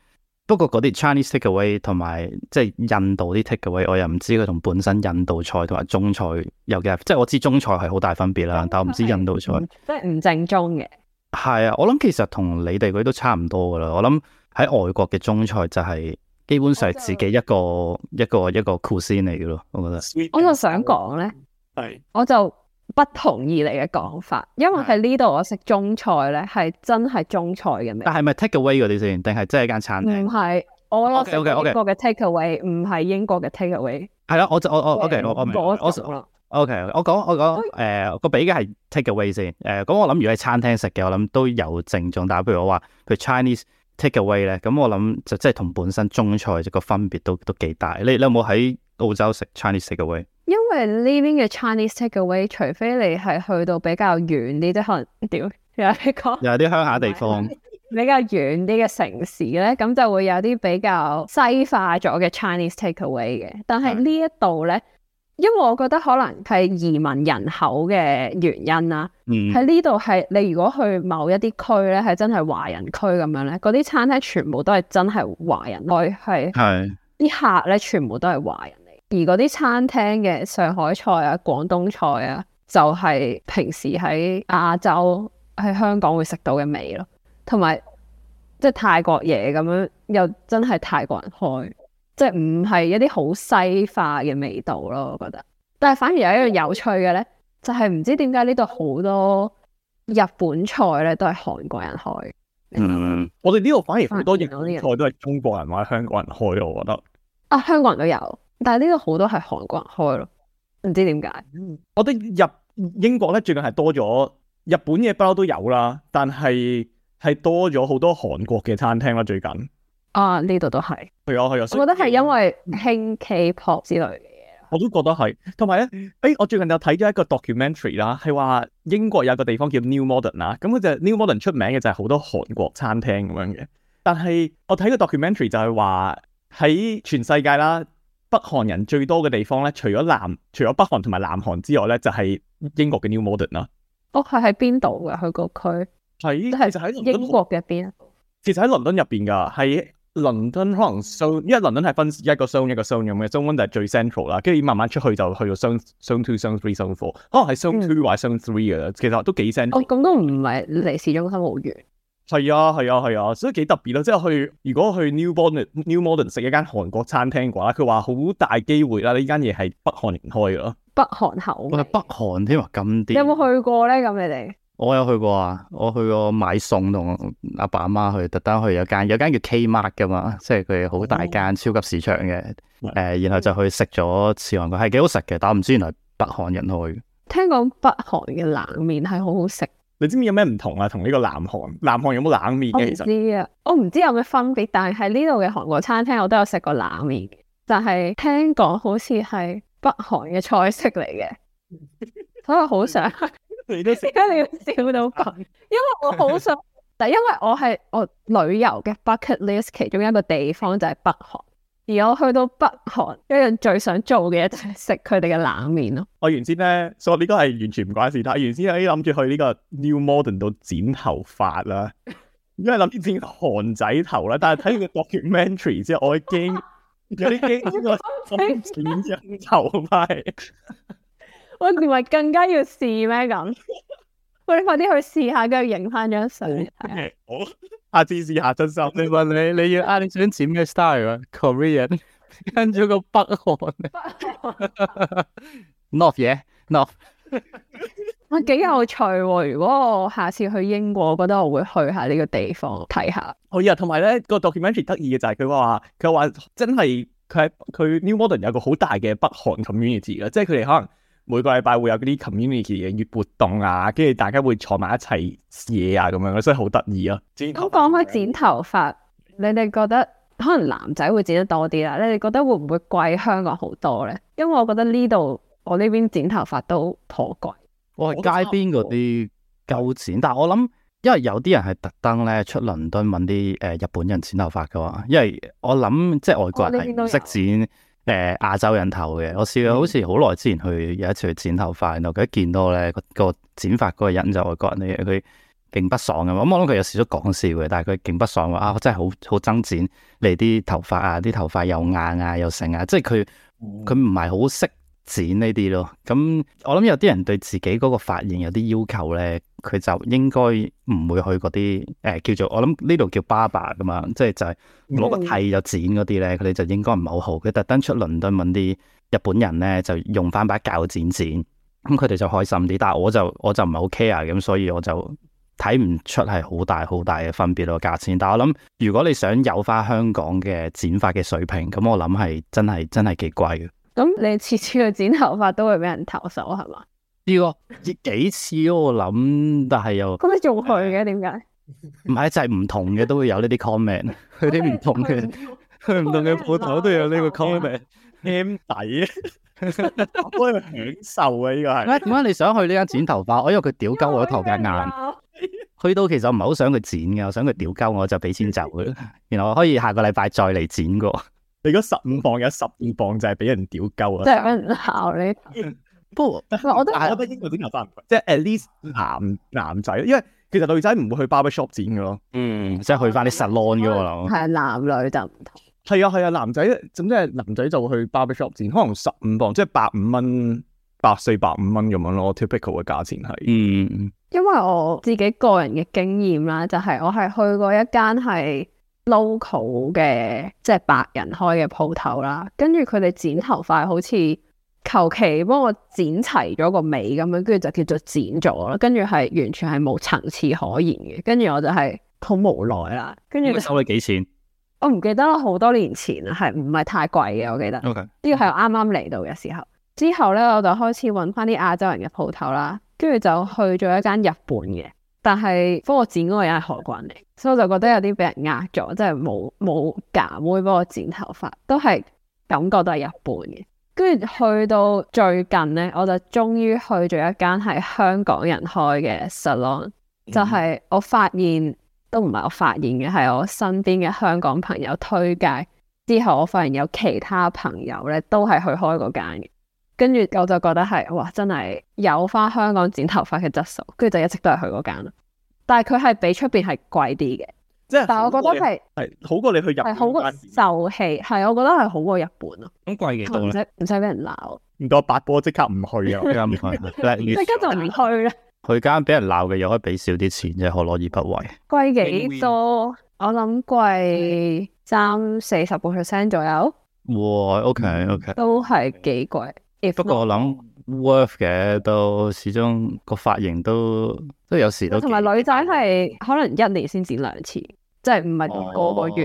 不過嗰啲 Chinese takeaway 同埋即係印度啲 takeaway，我又唔知佢同本身印度菜同埋中菜有幾大，即係我知中菜係好大分別啦，但我唔知印度菜即係唔正宗嘅。係啊，我諗其實同你哋嗰啲都差唔多噶啦。我諗喺外國嘅中菜就係基本上係自己一個就一個一個，個 cuisine 嚟嘅咯。我覺得我就想講咧，係是我就。不同意你嘅講法，因為喺呢度我食中菜咧，係真係中菜嘅咩？但係咪 takeaway 嗰啲先，定係真係間餐廳？唔係，我咯，美國嘅 takeaway 唔係英國嘅 takeaway。係啦，我就我 okay, 我 OK，我我 okay, 我我 OK，我講我講誒個比嘅係 takeaway 先誒。咁、呃、我諗如果喺餐廳食嘅，我諗都有正宗。但係譬如我話譬如，譬如 Chinese takeaway 咧，咁我諗就即係同本身中菜個分別都都幾大。你你，你有冇喺澳洲食 Chinese takeaway？因為呢邊嘅 Chinese takeaway，除非你係去到比較遠啲，都可能屌。有啲鄉下地方， 比較遠啲嘅城市咧，咁就會有啲比較西化咗嘅 Chinese takeaway 嘅。但係呢一度呢，是因為我覺得可能係移民人口嘅原因啦。喺呢度係你如果去某一啲區呢，係真係華人區咁樣呢，嗰啲餐廳全部都係真係華人開，係係啲客呢，全部都係華人。而嗰啲餐廳嘅上海菜啊、廣東菜啊，就係平時喺亞洲、喺香港會食到嘅味咯。同埋即係泰國嘢咁樣，又真係泰國人開，即係唔係一啲好西化嘅味道咯。我覺得，但係反而有一樣有趣嘅咧，就係唔知點解呢度好多日本菜咧都係韓國人開。嗯，我哋呢度反而好多日本菜都係中國人或者香港人開，我覺得。啊，香港人都有。但係呢度好多係韓國人開咯，唔知點解？我覺得日英國咧，最近係多咗，日本嘅不嬲都有啦，但係係多咗好多韓國嘅餐廳啦。最近啊，呢度都係係啊係啊，我覺得係因為興 K-pop 之類嘅嘢。我都覺得係，同埋咧，誒、欸，我最近有睇咗一個 documentary 啦，係話英國有個地方叫 New Modern 啦，咁佢就 New Modern 出名嘅就係好多韓國餐廳咁樣嘅。但係我睇個 documentary 就係話喺全世界啦。北韓人最多嘅地方咧，除咗南，除咗北韓同埋南韓之外咧，就係、是、英國嘅 New Malden 啦。哦，佢喺邊度嘅？佢個區？喺係就喺英國嘅邊。其實喺倫敦入邊噶，喺倫敦可能 z o、so, 因為倫敦係分一個 zone、so, 一個 zone 咁嘅，zone one 就係最 central 啦，跟住慢慢出去就去到 zone z two zone three zone four，可能係 zone two 或 zone、so、three 噶啦。其實都幾 central、哦嗯。哦，咁都唔係離市中心好遠。 係啊，係啊，係啊，所以幾特別咯。即係去，如果去 New Modern New Modern 食一間韓國餐廳嘅話，佢話好大機會啦、啊。呢間嘢係北韓人開嘅咯，北韓口我嘅，哎、北韓添啊，咁點有冇去過咧？咁你哋我有去過啊，我去過買餸同阿爸阿媽，媽去，特登去有間，有間叫 K Mart 嘅嘛，即係佢好大間、哦、超級市場嘅。誒、哦，嗯、然後就去食咗次韓國，係幾好食嘅，但我唔知原來北韓人開嘅。聽講北韓嘅冷麵係好好食。你知唔知有咩唔同啊？同呢個南韓，南韓有冇冷麵嘅？我唔知啊，我唔知有咩分別，但係喺呢度嘅韓國餐廳，我都有食過冷麵，但係聽講好似係北韓嘅菜式嚟嘅， 所以我好想你都笑，你要笑到滾，因為我好想，但 因為我係我旅遊嘅 bucket list 其中一個地方就係北韓。而我去到北韓，一樣最想做嘅嘢就係食佢哋嘅冷麵咯。我原先咧，所以呢個係完全唔關事。但係原先我諗住去呢個 New Modern 度剪頭髮啦，因為諗住剪韓仔頭啦。但係睇完個 documentary 之後，我已經 有啲驚呢個剪咩頭髮？我唔係更加要試咩咁？我哋 快啲去試下，跟住影返張相。阿芝士下真心，你問你你要啊？你想剪嘅 style，Korean 啊 跟住個北韓，North 嘢，North。我幾有趣，如果我下次去英國，我覺得我會去下呢個地方睇下。看看好啊，同埋咧個 documentary 得意嘅就係佢話佢話真係佢佢 new modern 有個好大嘅北韓 community 啦即係佢哋可能。每個禮拜會有嗰啲 community 嘅月活動啊，跟住大家會坐埋一齊嘢啊，咁樣所以好得意啊。剪頭，講開剪頭髮， 你哋覺得可能男仔會剪得多啲啦？你哋覺得會唔會貴香港好多咧？因為我覺得呢度我呢邊剪頭髮都頗貴。我係街邊嗰啲夠剪，但係我諗，因為有啲人係特登咧出倫敦揾啲誒日本人剪頭髮嘅話，因為我諗即係外國人識剪。哦。誒、呃、亞洲人頭嘅，我試過好似好耐之前去有一次去剪頭髮，然後佢一見到咧、呢個剪髮嗰個人就外國人嚟嘅，佢勁不爽嘅嘛、嗯。我諗佢有時都講笑嘅，但係佢勁不爽喎。啊，真係好好憎剪嚟啲頭髮啊，啲頭髮又硬啊又剩啊，即係佢佢唔係好識。嗯剪呢啲咯，咁、嗯、我諗有啲人對自己嗰個髮型有啲要求咧，佢就應該唔會去嗰啲誒叫做我諗呢度叫 b a r 噶嘛，即係就係攞個剃就剪嗰啲咧，佢哋就應該唔係好好，佢特登出倫敦搵啲日本人咧就用翻把鉸剪剪，咁佢哋就開心啲。但係我就我就唔係 ok a r 咁，所以我就睇唔出係好大好大嘅分別咯價錢。但係我諗如果你想有翻香港嘅剪髮嘅水平，咁我諗係真係真係幾貴嘅。咁你次次去剪頭髮都會俾人投手係嘛？呢個幾幾次我都諗，但係又咁你仲去嘅？點解？唔係，就係、是、唔同嘅都會有呢啲 comment，有啲唔同嘅唔同嘅鋪頭都有呢個 comment，M 戲底啊，我 享受啊，依個係。點解？點解你想去呢間剪頭髮？我 因為佢屌鳩我頭嘅硬，去，啊、去到其實我唔係好想佢剪嘅，我想佢屌鳩我就俾錢走佢啦。 然後我可以下個禮拜再嚟剪過。你嗰十五磅有十二磅就係俾人屌鳩啊！即係俾人鬧你， 不過 我覺得我覺得英國先鬧翻，即係 at least 男男仔，因為其實女仔唔會去 barber shop 剪噶咯。嗯，即係去翻啲 salon 噶咯。係男女就唔同。係啊係啊，男仔總之係男仔就會去 barber shop 剪，可能十五磅即係百五蚊，百四百五蚊咁樣咯。typical 嘅價錢係。嗯，因為我自己個人嘅經驗啦，就係我係去過一間係。local 嘅即係白人開嘅鋪頭啦，跟住佢哋剪頭髮好似求其幫我剪齊咗個尾咁樣，跟住就叫做剪咗啦，跟住係完全係冇層次可言嘅。跟住我就係好無奈啦。跟住、就係、收你幾錢？我唔記得啦，好多年前啦，係唔係太貴嘅，我記得。OK，呢個係我啱啱嚟到嘅時候。之後呢，我就開始揾翻啲亞洲人嘅鋪頭啦，跟住就去咗一間日本嘅。但係幫我剪嗰個又係韓國人嚟，所以我就覺得有啲俾人呃咗，即係冇冇夾，冇幫我剪頭髮，都係感覺都係一般嘅。跟住去到最近呢，我就終於去咗一間係香港人開嘅 salon，就係我發現都唔係我發現嘅，係我身邊嘅香港朋友推介之後，我發現有其他朋友呢，都係去開嗰間嘅。跟住我就覺得係，哇！真係有返香港剪頭髮嘅質素，跟住就一直都係去嗰間。但係佢係比出邊係貴啲嘅，即係。但係我覺得係係好過你去日本受氣，係我覺得係好過日本咯。咁、嗯、貴幾多？唔使俾人鬧，唔過八波即刻唔去啊！即刻唔去，即唔 去啦。去間俾人鬧嘅又可以俾少啲錢啫，何樂而不為？ 貴幾多少？ 我諗貴三四十個 percent 左右。哇！OK OK，, okay, okay. 都係幾貴。If 不過我諗 worth 嘅，都始終個髮型都即係有時都同埋、嗯、女仔係可能一年先剪兩次，即係唔係個個月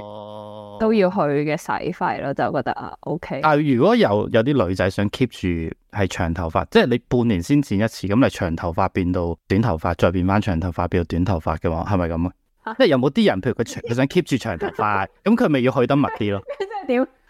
都要去嘅洗費咯，就覺得啊 OK。但如果有有啲女仔想 keep 住係長頭髮，即係你半年先剪一次，咁你長頭髮變到短頭髮，再變翻長頭髮變到短頭髮嘅話，係咪咁啊？即係有冇啲人譬如佢佢想 keep 住長頭髮，咁佢咪要去得密啲咯？即係點？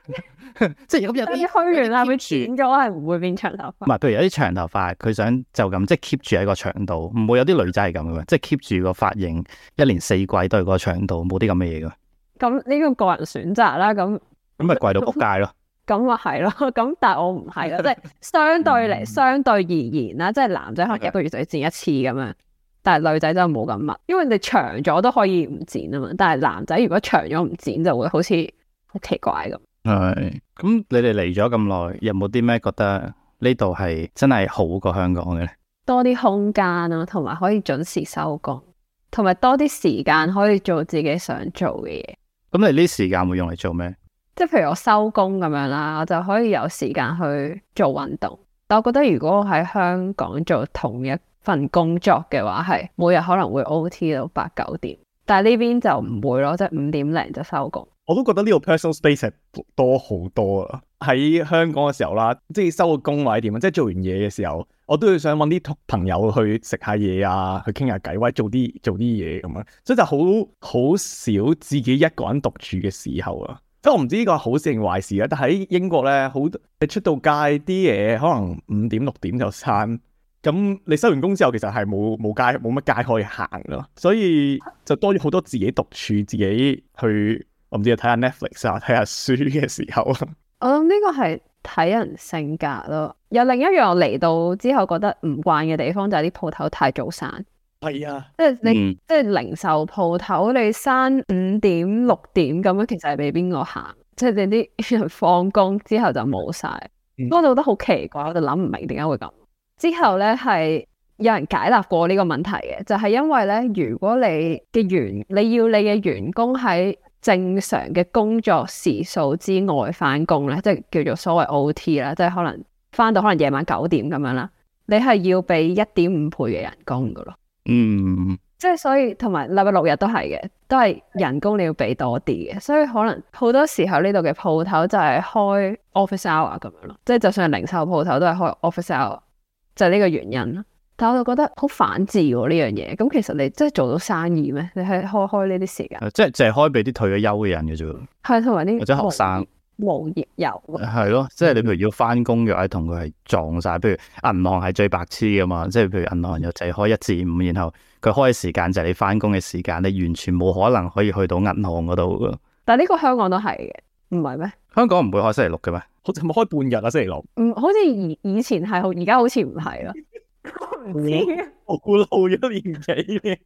即係咁有啲虛斷係咪剪咗係唔會變長頭髮？唔係，譬如有啲長頭髮，佢想就咁即係 keep 住喺個長度，唔會有啲女仔係咁嘅，即係 keep 住個髮型，一年四季都係個長度，冇啲咁嘅嘢嘅。咁呢個個人選擇啦，咁咁咪貴到扑街咯。咁啊係咯，咁但係我唔係啊，即係 相對嚟，相對而言啦， 即係男仔可能一個月就要剪一次咁樣， 但係女仔就冇咁密，因為你哋長咗都可以唔剪啊嘛。但係男仔如果長咗唔剪就會好似好奇怪咁。係咁，你哋嚟咗咁耐，有冇啲咩覺得呢度係真係好過香港嘅咧？多啲空間啦、啊，同埋可以準時收工，同埋多啲時間可以做自己想做嘅嘢。咁你呢時間會用嚟做咩？即係譬如我收工咁樣啦，我就可以有時間去做運動。但我覺得如果我喺香港做同一份工作嘅話，係每日可能會 OT 到八九點，但係呢邊就唔會咯，即係五點零就收工。我都覺得呢個 personal space 係多好多啊！喺香港嘅時候啦，即係收個工或者點，即係做完嘢嘅時候，我都會想揾啲朋友去食下嘢啊，去傾下偈，或者做啲做啲嘢咁啊，所以就好好少自己一個人獨處嘅時候啊！即係我唔知呢個好事定壞事啊，但喺英國咧，好你出到街啲嘢可能五點六點就閂，咁你收完工之後其實係冇冇街冇乜街可以行咯，所以就多咗好多自己獨處、自己去。我唔知，睇下 Netflix 啊，睇下書嘅時候啊。我諗呢個係睇人性格咯。有另一樣我嚟到之後覺得唔慣嘅地方就係啲鋪頭太早散。係啊，即係你、嗯、即係零售鋪頭，你閂五點六點咁樣，其實係俾邊個行？即係你啲放工之後就冇晒。不、嗯、我就覺得好奇怪，我就諗唔明點解會咁。之後咧係有人解答過呢個問題嘅，就係、是、因為咧，如果你嘅員你要你嘅員工喺。正常嘅工作時數之外返工咧，即係叫做所謂 OT 啦，即係可能返到可能夜晚九點咁樣啦，你係要俾一點五倍嘅人工噶咯。嗯，即係所以同埋禮拜六日都係嘅，都係人工你要俾多啲嘅，所以可能好多時候呢度嘅鋪頭就係開 office hour 咁樣咯，即係就算係零售鋪頭都係開 office hour，就係呢個原因。但我就覺得好反智喎呢樣嘢，咁其實你真係做到生意咩？你係開開呢啲時間？即係淨係開俾啲退咗休嘅人嘅啫。係同埋呢，或者學生無業游係咯，即係你譬如要翻工，若同佢係撞晒，譬如銀行係最白痴噶嘛，即係譬如銀行又淨係開一至五，5, 然後佢開嘅時間就係你翻工嘅時間，你完全冇可能可以去到銀行嗰度噶。但係呢個香港都係嘅，唔係咩？香港唔會開星期六嘅咩？係咪開半日啊？星期六？啊，好似以以前係，而家好似唔係咯。我估老咗年幾咧？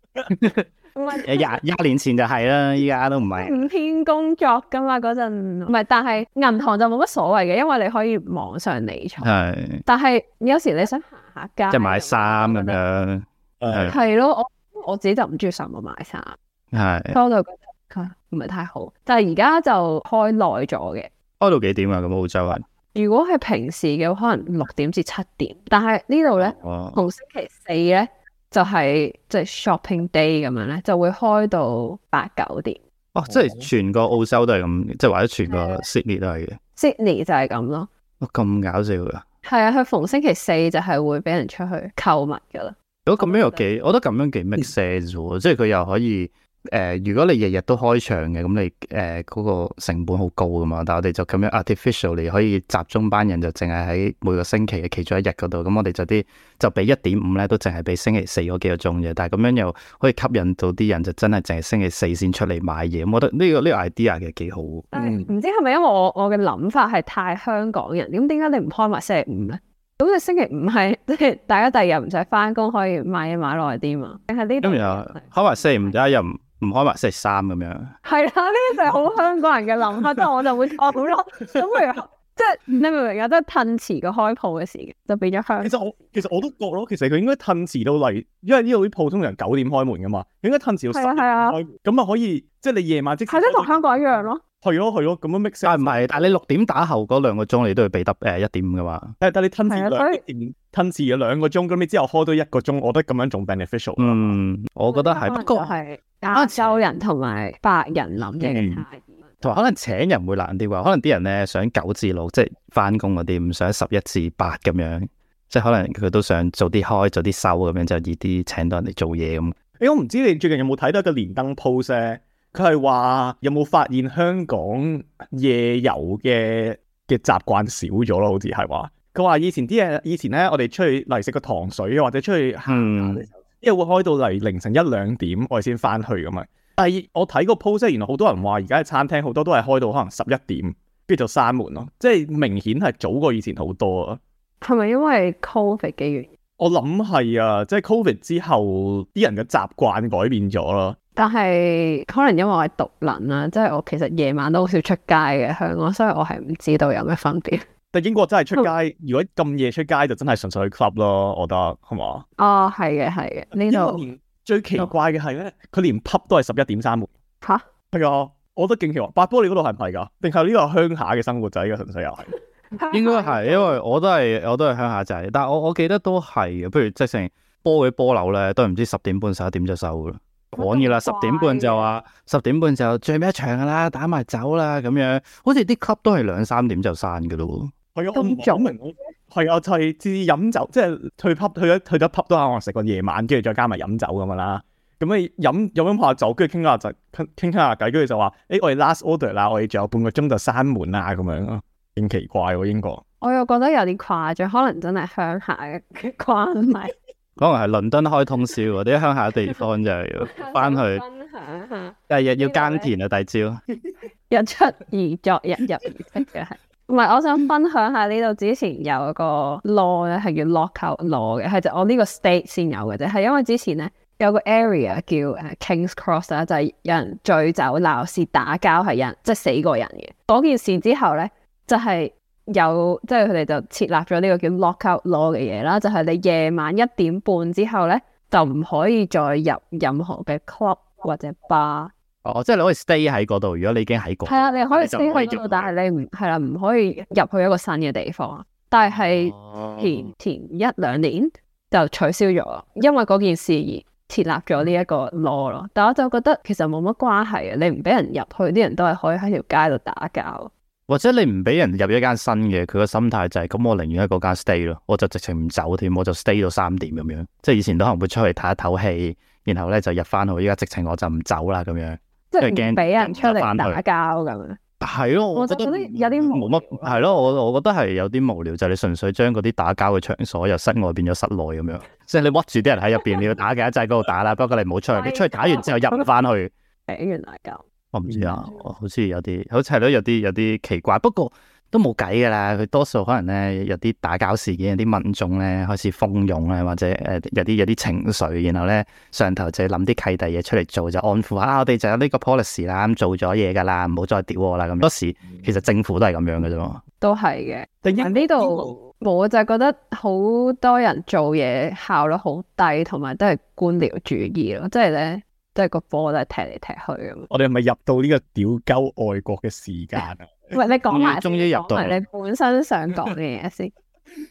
唔係廿廿年前就係啦，依家都唔係。五天工作噶嘛？嗰陣唔係，但係銀行就冇乜所謂嘅，因為你可以網上理財。係是。但係有時你想行下街，即係買衫咁樣。係。係咯，我我自己就唔中意上網買衫。係是。多以就佢唔係太好。但係而家就開耐咗嘅。開到幾點啊？咁澳洲啊？如果係平時嘅，可能六點至七點，但係呢度咧，逢星期四咧就係即係 shopping day 咁樣咧，就會開到八九點。哦，即係全個澳洲都係咁，即係或者全個 Sydney 都係嘅。Sydney 就係咁咯。哇，咁搞笑㗎！係啊，佢逢星期四就係會俾人出去購物㗎喇。如果咁樣又幾，我覺得咁樣幾 make sense 喎，嗯、即係佢又可以。誒，如果你日日都開場嘅，咁你誒嗰個成本好高噶嘛？但係我哋就咁樣 artificially 可以集中班人就淨係喺每個星期嘅其中一日嗰度。咁我哋就啲就俾一點五咧，都淨係俾星期四嗰幾個鐘嘅。但係咁樣又可以吸引到啲人，就真係淨係星期四先出嚟買嘢。我覺得呢個呢個 idea 其實幾好。唔知係咪因為我我嘅諗法係太香港人？咁點解你唔開埋星期五咧？好似星期五係即係大家第二日唔使翻工，可以買嘢買耐啲啊嘛。咁然後開埋 星期五，第二日。唔開埋四三咁樣，係啦，呢啲就係好香港人嘅諗法，即係 我就會好咯，咁樣。即係你明唔明啊？即係褪遲個開鋪嘅時間，就變咗香其。其實我其實我都覺咯，其實佢應該褪遲到嚟，因為呢度啲普通人九點開門噶嘛，應該褪遲到十點。係啊，咁啊可以，即係你夜晚之係即係同香港一樣咯。係咯係咯，咁樣 mix。但唔係，但係你六點打後嗰兩個鐘，你都要俾得誒一點五噶嘛？但係你褪遲褪遲咗兩個鐘，咁你之後開到一個鐘，我覺得咁樣仲 beneficial。嗯，我覺得係。不過係亞洲人同埋白人諗嘅、嗯。嗯可能請人會難啲喎。可能啲人咧想九至六，即係翻工嗰啲，唔想十一至八咁樣。即係可能佢都想早啲開，早啲收咁樣，就易啲請到人哋做嘢咁。誒，我唔知你最近有冇睇到一個連登 post 咧？佢係話有冇發現香港夜遊嘅嘅習慣少咗咯？好似係話佢話以前啲嘢，以前咧，我哋出去嚟食個糖水啊，或者出去行，因為、嗯、會開到嚟凌晨一兩點，我哋先翻去咁啊。第二，但我睇個 post，原來好多人話而家嘅餐廳好多都係開到可能十一點，跟住就閂門咯。即係明顯係早過以前好多啊。係咪因為 Covid 嘅原因？我諗係啊，即係 Covid 之後，啲人嘅習慣改變咗咯。但係可能因為我係獨能啊，即係我其實夜晚都好少出街嘅香港，所以我係唔知道有咩分別。 但英國真係出街，嗯、如果咁夜出街，就真係純粹去 club 咯，我覺得係嘛？哦，係嘅，係嘅，呢度。最奇怪嘅係咧，佢、啊、連 club 都係十一點三喎。吓哈？係啊，我覺得勁奇怪。八玻璃嗰度係唔係㗎？定係呢個係鄉下嘅生活仔嘅？純粹又係？ 應該係是， 因為我都係我都係鄉下仔。但係我我記得都係嘅。不如即成波嘅波樓咧，都唔知十點半十一點就收啦。講嘢啦，十點半就話十點半就最尾一場㗎啦，打埋走啦咁樣。好似啲 club 都係兩三點就散㗎咯。係啊中，咁唔方係 啊，就係次次飲酒，即係去 pub 去咗去咗 pub 都可能食個夜晚，跟住再加埋飲酒咁樣啦。咁你飲飲飲下酒，跟住傾下就傾傾下偈，跟住就話誒，我哋 last order 啦，我哋仲有半個鐘就閂門啦，咁樣咯，勁奇怪喎英國。我又覺得有啲誇張，可能真係鄉下嘅關係。 可能係倫敦開通宵，啲鄉下地方就要翻去。分享下。第日要耕田啊！第二朝。 日出而作，日入而息。 唔係，我想分享下呢度之前有個 law 咧，係叫 lockout law 嘅，係就我呢個 state 先有嘅啫。係因為之前咧有個 area 叫誒 Kings Cross 啦，就係有人醉酒鬧事、打交係人，即係死過人嘅。嗰件事之後咧，就係有即係佢哋就設立咗呢個叫 lockout law 嘅嘢啦，就係你夜晚一點半之後咧就唔可以再入任何嘅 club 或者 bar。哦，oh，即係你可以 stay 喺嗰度，如果你已經喺度，係啊，你可以 stay 喺度，但係你唔係啦，唔、啊、可以入去一個新嘅地方。但係前前一兩年就取消咗，因為嗰件事而設立咗呢一個 law 咯。但係我就覺得其實冇乜關係啊，你唔俾人入去，啲人都係可以喺條街度打交，或者你唔俾人入一間新嘅，佢個心態就係、是、咁，我寧願喺嗰間 stay 咯，我就直情唔走添，我就 stay 到三點咁樣，即係以前都可能會出去透一透氣，然後咧就入翻去。依家直情我就唔走啦，咁樣。即係驚俾人出嚟打交咁啊？係咯，我覺得有啲冇乜係咯。我我覺得係有啲無聊，就係、是、你純粹將嗰啲打交嘅場所由室外變咗室內咁樣。即、就、係、是、你屈住啲人喺入邊， 你要打幾多劑嗰度打啦。不過你唔好出去，架你出去打完之後入唔翻去。打完打交，我唔知啊，好似有啲，好似都有啲有啲奇怪。不過。都冇計噶啦，佢多數可能咧有啲打交事件，有啲民眾咧開始蜂擁啊，或者誒、呃、有啲有啲情緒，然後咧上頭就諗啲契弟嘢出嚟做，就安撫下、啊、我哋就有呢個 policy 啦，咁做咗嘢噶啦，唔好再屌我啦。咁多時其實政府都係咁樣噶啫。都係嘅，但係呢度冇，我就覺得好多人做嘢效率好低，同埋都係官僚主義咯。即係咧即係個波都係踢嚟踢去咁。我哋係咪入到呢個屌鳩外國嘅時間啊？ 唔係，你講埋，入到完你本身想講嘅嘢先。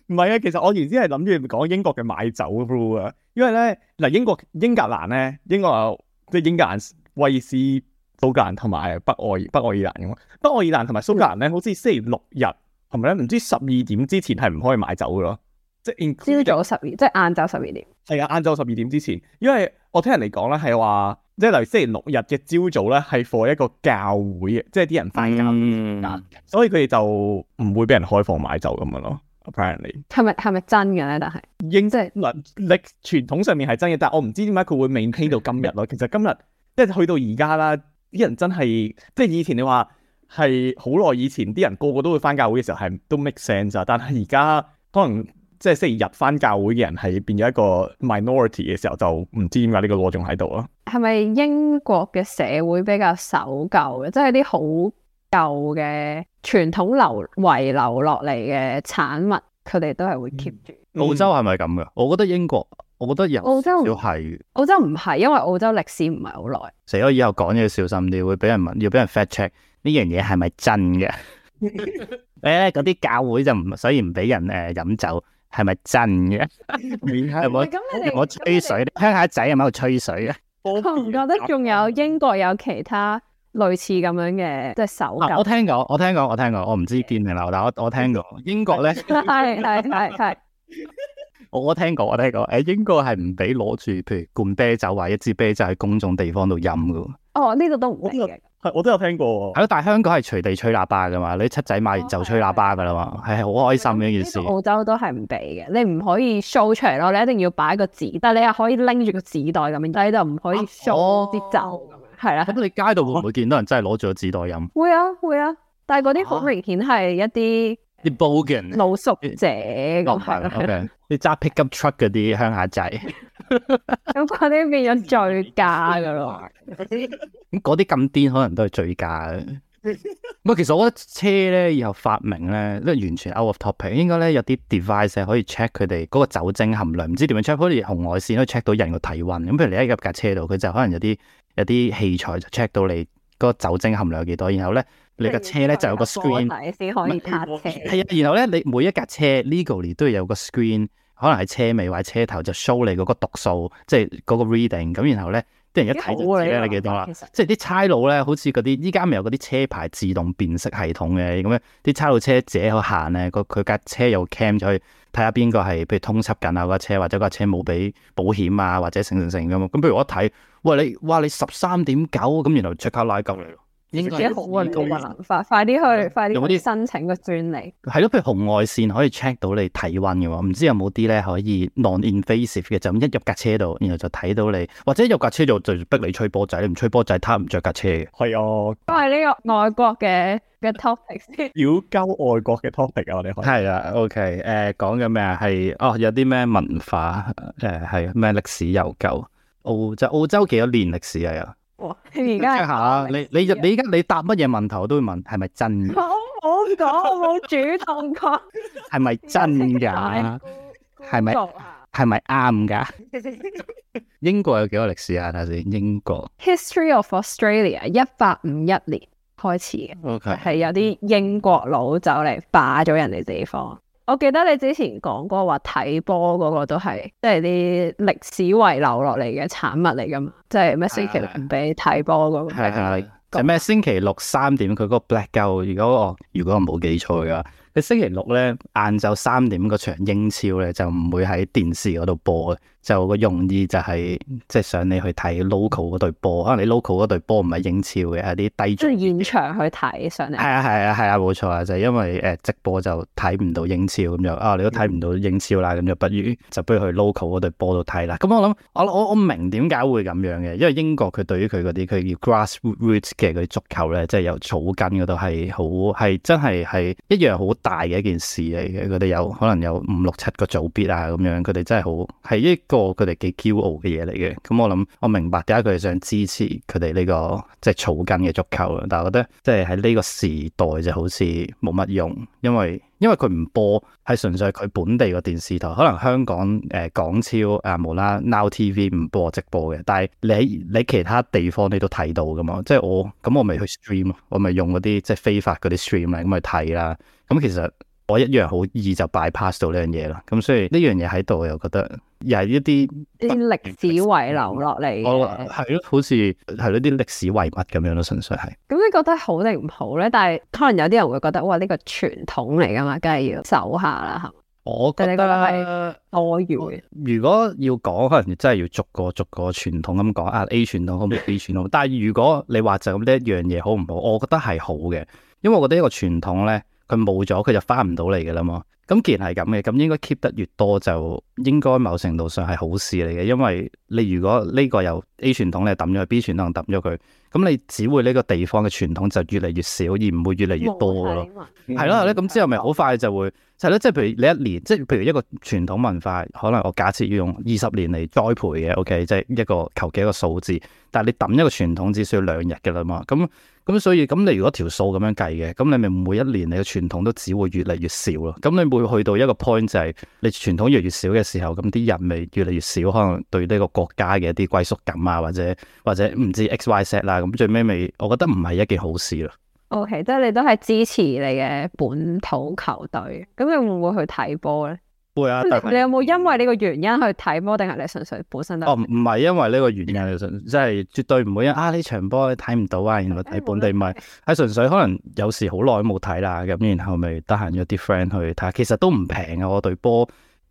唔係 啊，其實我原先係諗住講英國嘅買酒啊，因為咧，嗱英國英格蘭咧，英國即係英格蘭、威斯蘇格蘭同埋北愛北愛爾蘭嘅嘛。北愛爾蘭同埋蘇格蘭咧，好似星期六日係咪咧，唔知十二點之前係唔可以買酒嘅咯。即係朝早十上二日，即係晏晝十二點。係啊，晏晝十二點之前，因為我聽人嚟講咧，係話。即係例如星期六日嘅朝早咧，係放一個教會嘅，即係啲人翻教會、嗯、所以佢哋就唔會俾人開放買就咁樣咯。Apparently 係咪係咪真嘅咧？但係應即係歷歷傳統上面係真嘅，但係我唔知點解佢會未推到今日咯。其實今日即係去到而家啦，啲人真係即係以前你話係好耐以前啲人，人個個都會翻教會嘅時候係都 make sense 啊。但係而家可能。即係星期日翻教會嘅人，係變咗一個 minority 嘅時候，就唔知點解呢個攞仲喺度咯。係咪英國嘅社會比較守舊嘅？即係啲好舊嘅傳統流遺留落嚟嘅產物，佢哋都係會 keep 住、嗯。澳洲係咪咁嘅？我覺得英國，我覺得有少少係。澳洲唔係，因為澳洲歷史唔係好耐。死咗以後講嘢要小心啲，會俾人問，要俾人 fact check 呢樣嘢係咪真嘅？誒、 欸，嗰啲教會就唔，所以唔俾人誒飲酒。係咪真嘅？係咪咁？你哋喺度吹水，鄉下仔喺度吹水啊！我唔覺得仲有英國有其他類似咁樣嘅，即係手。嗱，我聽過，我聽過，我聽過，我唔知見定鬧，但係我我聽過英國咧，係係係係。我聽過，我聽過，誒，英國係唔俾攞住，譬如罐啤酒或一支啤酒喺公眾地方度飲嘅。哦，呢度都唔俾嘅。我都有聽過喎，係咯，但係香港係隨地吹喇叭㗎嘛，你七仔買完就吹喇叭㗎啦嘛，係係好開心嘅一件事。澳洲都係唔俾嘅，你唔可以 show 出嚟咯，你一定要擺個紙，但係你又可以拎住個紙袋咁樣，但係你就唔可以 show 啲酒。咁樣，係啦。咁你街度會唔會見到人真係攞住個紙袋飲？會啊會啊，但係嗰啲好明顯係一啲啲 Bogan、露宿者咁樣，你揸 pickup truck 嗰啲鄉下仔。咁嗰啲變咗醉駕噶咯，咁嗰啲咁癲可能都係醉駕。唔係，其實我覺得車咧以後發明咧，都係完全 out of topic 應。應該咧有啲 device 可以 check 佢哋嗰個酒精含量，唔知點樣 check，好似紅外線可以 check 到人個體溫。咁譬如你一入架車度，佢就可能有啲有啲器材就 check 到你嗰個酒精含量有幾多。然後咧如你架車咧就有個 screen 先可以撻車。係啊不 Okay.，然後咧你每一架車 legally 都要有個 screen。可能喺車尾或者車頭就 show 你嗰個讀數，即係嗰個 reading。咁然後咧，啲人一睇就知你幾多啦。其實 即係啲差佬咧，好似嗰啲依家咪有嗰啲車牌自動辨識系統嘅，咁樣啲差佬車自己喺度行咧，個佢架車又 cam 咗去睇下邊個係，譬如通緝緊啊架車，或者架車冇俾保險啊，或者成成成咁咁不如我一睇，喂你，哇你十三點九，咁然後即刻拉鳩自己好嘅諗法，快啲去，快啲申請個專利。係咯來，譬如紅外線可以 check 到你體温嘅話，唔知有冇啲咧可以 non-invasive 嘅，就咁一入架車度，然後就睇到你，或者入架車度就逼你吹波仔，你唔吹波仔，他唔着架車嘅。係啊，都係呢個外國嘅嘅 topic 先。要交 外國嘅 topic 啊，我哋係啊，OK，誒講緊咩啊？係哦，有啲咩文化誒係咩歷史悠久？澳就澳,澳洲幾多年歷史啊？哇！你而家你你你而家你答乜嘢問題我都會問，係咪真嘅？我冇講，我冇主動講。係咪真噶？係咪係咪啱噶？英國有幾多歷史啊？睇吓先，英國 History of Australia，一八五一年開始嘅。OK，係有啲英國佬走嚟霸咗人哋地方。我記得你之前講過話睇波嗰個都係，即係啲歷史遺留落嚟嘅產物嚟㗎嘛？即係咩星期六唔畀你睇波嗰個？係係係咩？星期六三點佢嗰個 Blackout，如果我如果我冇記錯嘅話，佢星期六咧晏晝三點嗰場英超咧就唔會喺電視嗰度播嘅。就個用意就係即係想你去睇 local 嗰隊波，可能你 local 嗰隊波唔係英超嘅，係啲低級。即係現場去睇上嚟。係啊，係啊，係啊，冇錯啊，就因為誒直播就睇唔到英超咁就啊你都睇唔到英超啦，咁就不如就不如去 local 嗰隊波度睇啦。咁我諗我我我明點解會咁樣嘅，因為英國佢對於佢嗰啲佢叫 grass roots 嘅嗰啲足球咧，即係有草根嗰度係好係真係係一樣好大嘅一件事嚟嘅。佢哋有可能有五六七個組別啊咁樣，佢哋真係好係因個佢哋幾驕傲嘅嘢嚟嘅，咁我諗我明白點解佢哋想支持佢哋呢個即係、就是、草根嘅足球啦，但係我覺得即係喺呢個時代就好似冇乜用，因為因為佢唔播，係純粹佢本地個電視台，可能香港誒、呃、港超啊冇啦 Now TV 唔播直播嘅，但係你喺你其他地方你都睇到噶嘛，即係我咁我咪去 stream，我咪用嗰啲即係非法嗰啲 stream 嚟咁去睇啦，咁其實。我一樣好易就 bypass 到呢樣嘢啦，咁所以呢樣嘢喺度，又覺得又係一啲啲歷史遺留落嚟，係咯，好似係咯啲歷史遺物咁樣咯，純粹係。咁你覺得好定唔好咧？但係可能有啲人會覺得哇，呢個傳統嚟噶嘛，梗係要守下啦，係我覺得，你覺得我要。如果要講，可能真係要逐個逐個傳統咁講啊，A 傳統好唔好？B 傳統， 但係如果你話就咁呢一樣嘢好唔好？我覺得係好嘅，因為我覺得一個傳統咧。佢冇咗佢就翻唔到嚟嘅啦嘛，咁既然係咁嘅，咁應該 keep 得越多就應該某程度上係好事嚟嘅，因為你如果呢個由 A 傳統你抌咗去 B 傳統抌咗佢，咁你只會呢個地方嘅傳統就越嚟越少，而唔會越嚟越多咯，係咯，咁、嗯、之後咪好快就會。係咯，即係譬如你一年，即係譬如一個傳統文化，可能我假設要用二十年嚟栽培嘅，OK，即係一個求其一個數字。但係你抌一個傳統，只需要兩日㗎啦嘛。咁咁所以咁你如果條數咁樣計嘅，咁你咪每一年你嘅傳統都只會越嚟越少咯。咁你每去到一個 point 就係、是、你傳統越嚟越少嘅時候，咁啲人咪越嚟越少，可能對呢個國家嘅一啲歸屬感啊，或者或者唔知 X Y Z 啦、啊，咁最尾咪，我覺得唔係一件好事咯。OK，即係你都係支持你嘅本土球隊，咁你會唔會去睇波咧？會啊！你，你有冇因為呢個原因去睇波，定係你純粹本身？哦，唔係因為呢個原因，你即係絕對唔會因為啊！呢場波你睇唔到啊，然後睇本地咪係純粹可能有時好耐都冇睇啦，咁然後咪得閒約啲 friend 去睇，其實都唔平啊！我對波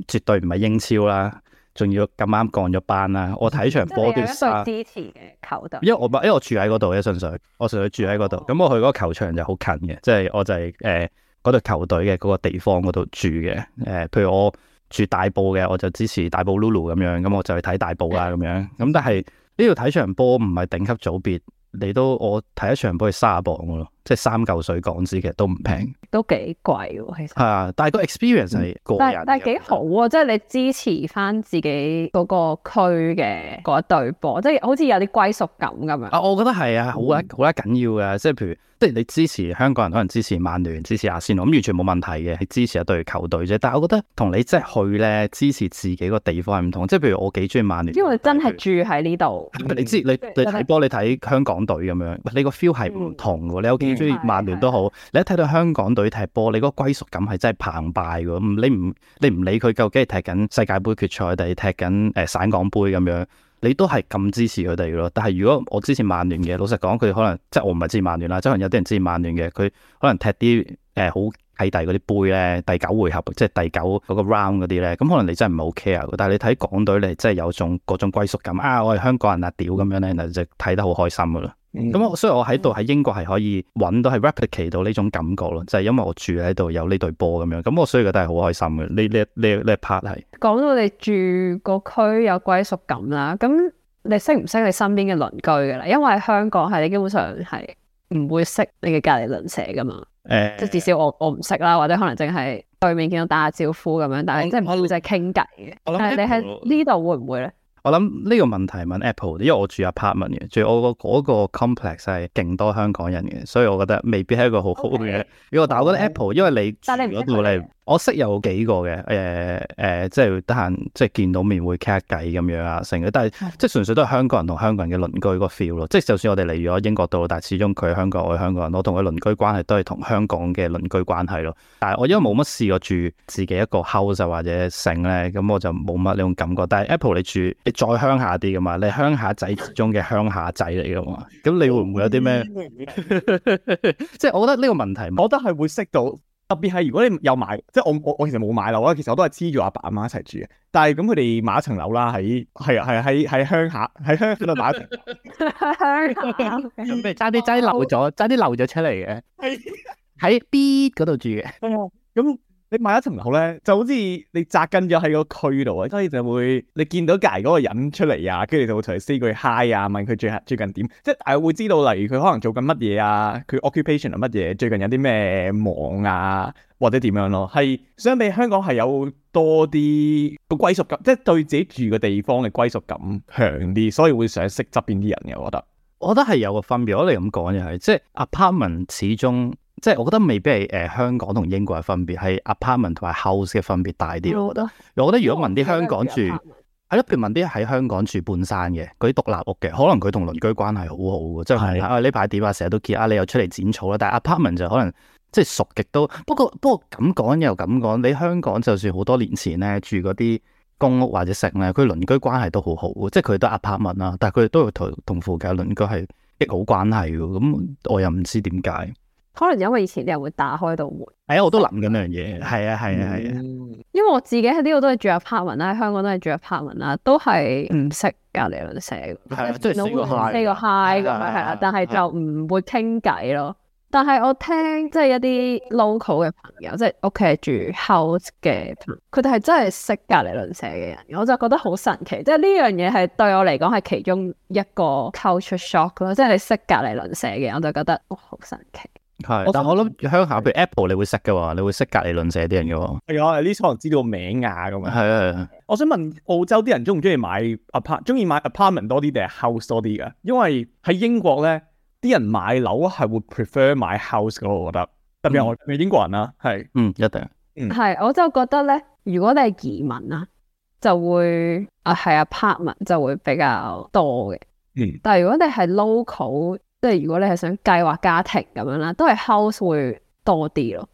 絕對唔係英超啦。仲要咁啱降咗班啦！我睇場波都要支持嘅球隊，因為我，因為我住喺嗰度，嘅，純粹我純粹住喺嗰度。咁、哦、我去嗰個球場就好近嘅，即、就、係、是、我就係誒嗰隊球隊嘅嗰個地方嗰度住嘅。誒、呃，譬如我住大埔嘅，我就支持大埔 Lulu 咁樣，咁我就去睇大埔啦咁樣。咁但係呢度睇場波唔係頂級組別，你都我睇一場波係三十磅噶咯。即係三嚿水港紙，其實都唔平，都幾貴喎。其實係啊，但係個 experience 係個人，但係幾好啊！即係你支持翻自己嗰個區嘅嗰一隊波，即係好似有啲歸屬感咁樣。啊，我覺得係啊，好得好緊要嘅。即係譬如，即係你支持香港人，可能支持曼聯，支持阿仙奴，咁完全冇問題嘅。你支持一隊球隊啫。但係我覺得同你即係去咧支持自己個地方係唔同。即係譬如我幾中意曼聯，因為你真係住喺呢度。你知你你睇波你睇香港隊咁樣，你個 feel 係唔同喎。你中意曼聯都好，是是是，你一睇到香港隊踢波，你個歸屬感係真係澎湃噶。你唔你唔理佢究竟係踢緊世界杯決賽定係踢緊誒、呃、省港杯咁樣，你都係咁支持佢哋咯。但係如果我支持曼聯嘅，老實講，佢可能即係我唔係支持曼聯啦。即可能有啲人支持曼聯嘅，佢可能踢啲誒好細第嗰啲杯咧，第九回合即係第九嗰個 round 嗰啲咧，咁可能你真係唔係好 care。但係你睇港隊，你真係有種嗰種歸屬感啊！我係香港人啊屌咁樣咧，就睇得好開心噶啦。咁、嗯嗯、我所以我喺度喺英國係可以揾到係 replicate 到呢種感覺咯，就係因為我住喺度有呢對波咁樣，咁我所以覺得係好開心嘅。呢 part 係，講、那個、到你住個區有歸屬感啦，咁你識唔識你身邊嘅鄰居噶啦？因為香港係你基本上係唔會識你嘅隔籬鄰舍噶嘛。誒、欸，即係至少我我唔識啦，或者可能淨係對面見到打下招呼咁樣，但係即係唔會即係傾偈嘅。但係你喺呢度會唔會咧？我諗呢個問題問 Apple，因為我住 apartment 嘅，住我個嗰個 complex 係勁多香港人嘅，所以我覺得未必係一個好好嘅。如果但我覺得 Apple，因為你住嗰度你，你。我識有幾個嘅，誒、呃、誒、呃，即係得閒，即係見到面會傾吓偈咁樣啊，成日，但係即係純粹都係香港人同香港人嘅鄰居個 feel 咯。即係就算我哋嚟咗英國度，但係始終佢香港，我香港人，我同佢鄰居關係都係同香港嘅鄰居關係咯。但係我因為冇乜試過住自己一個 house 或者城咧，咁我就冇乜呢種感覺。但係 Apple 你住，你再鄉下啲噶嘛？你鄉下仔中嘅鄉下仔嚟噶嘛？咁你會唔會有啲咩？ 即係我覺得呢個問題，我覺得係會識到。特別係如果你有買，即係我我我其實冇買樓，啊，其實我都係黐住阿爸阿媽一齊住嘅。但係咁佢哋買一層樓啦，喺係啊係啊係係鄉下，喺鄉下度買一層樓，爭啲爭啲流咗，爭啲流咗出嚟嘅，喺 B 嗰度住嘅，咁。 你買一層樓咧，就好似你紮根咗喺個區度啊，所以就會你見到隔籬嗰個人出嚟啊，跟住就會同佢 say 句 hi 啊，問佢最近最近點，即係會知道例如佢可能做緊乜嘢啊，佢 occupation 係乜嘢，最近有啲咩網啊或者點樣咯，係相比香港係有多啲個歸屬感，即係對自己住嘅地方嘅歸屬感強啲，所以會想識側邊啲人嘅。我覺得，我覺得係有個分別。我哋咁講就係，即係 apartment 始終。即係我覺得未必係誒香港同英國嘅分別，係 apartment 同埋 house 嘅分別大啲。我覺得，我覺得如果問啲香港住，係咯，譬如住、啊、問啲喺香港住半山嘅嗰啲獨立屋嘅，可能佢同鄰居關係好好嘅，即係啊，呢排點啊？成日都見啊，你又出嚟剪草啦。但係 apartment 就可能即係熟極都不過，不過咁講又咁講，你香港就算好多年前咧住嗰啲公屋或者城咧，佢鄰居關係都好好嘅，即係佢都 apartment 啦，但係佢都同同附近鄰居係亦好關係嘅。咁我又唔知點解。可能因為以前啲人會打開道門，係啊、哎，我都諗緊呢樣嘢，係啊，係啊，係啊、嗯。因為我自己喺呢度都係住入柏文啦，喺香港都係住入柏文啦，都係唔識隔離鄰舍嘅，係啊，即係識個 high，咁樣係啦。但係就唔會傾偈咯。嗯嗯、但係我聽即係一啲 local 嘅朋友，即係屋企住 house 嘅，佢哋係真係識隔離鄰舍嘅人，我就覺得好神奇。即係呢樣嘢係對我嚟講係其中一個 culture shock 咯，即係識隔離鄰舍嘅，我就覺得哇好神奇。但係我諗鄉下，譬如 Apple，你會識噶喎，你會識隔籬鄰舍啲人噶喎。係啊，呢可能知道名啊咁啊。係啊，係啊，啊我想問澳洲啲人中唔中意買 apart，中意買 apartment 多啲定係 house 多啲噶？因為喺英國咧，啲人買樓係會 prefer 買 house 噶，我覺得。特別我係、嗯、英國人啦、啊，係，嗯，一定。嗯，係，我就覺得咧，如果你係移民啊，就會啊，係 apartment 就會比較多嘅。嗯，但係如果你係 local。即係如果你係想計劃家庭咁樣啦，都係 house 會多啲咯。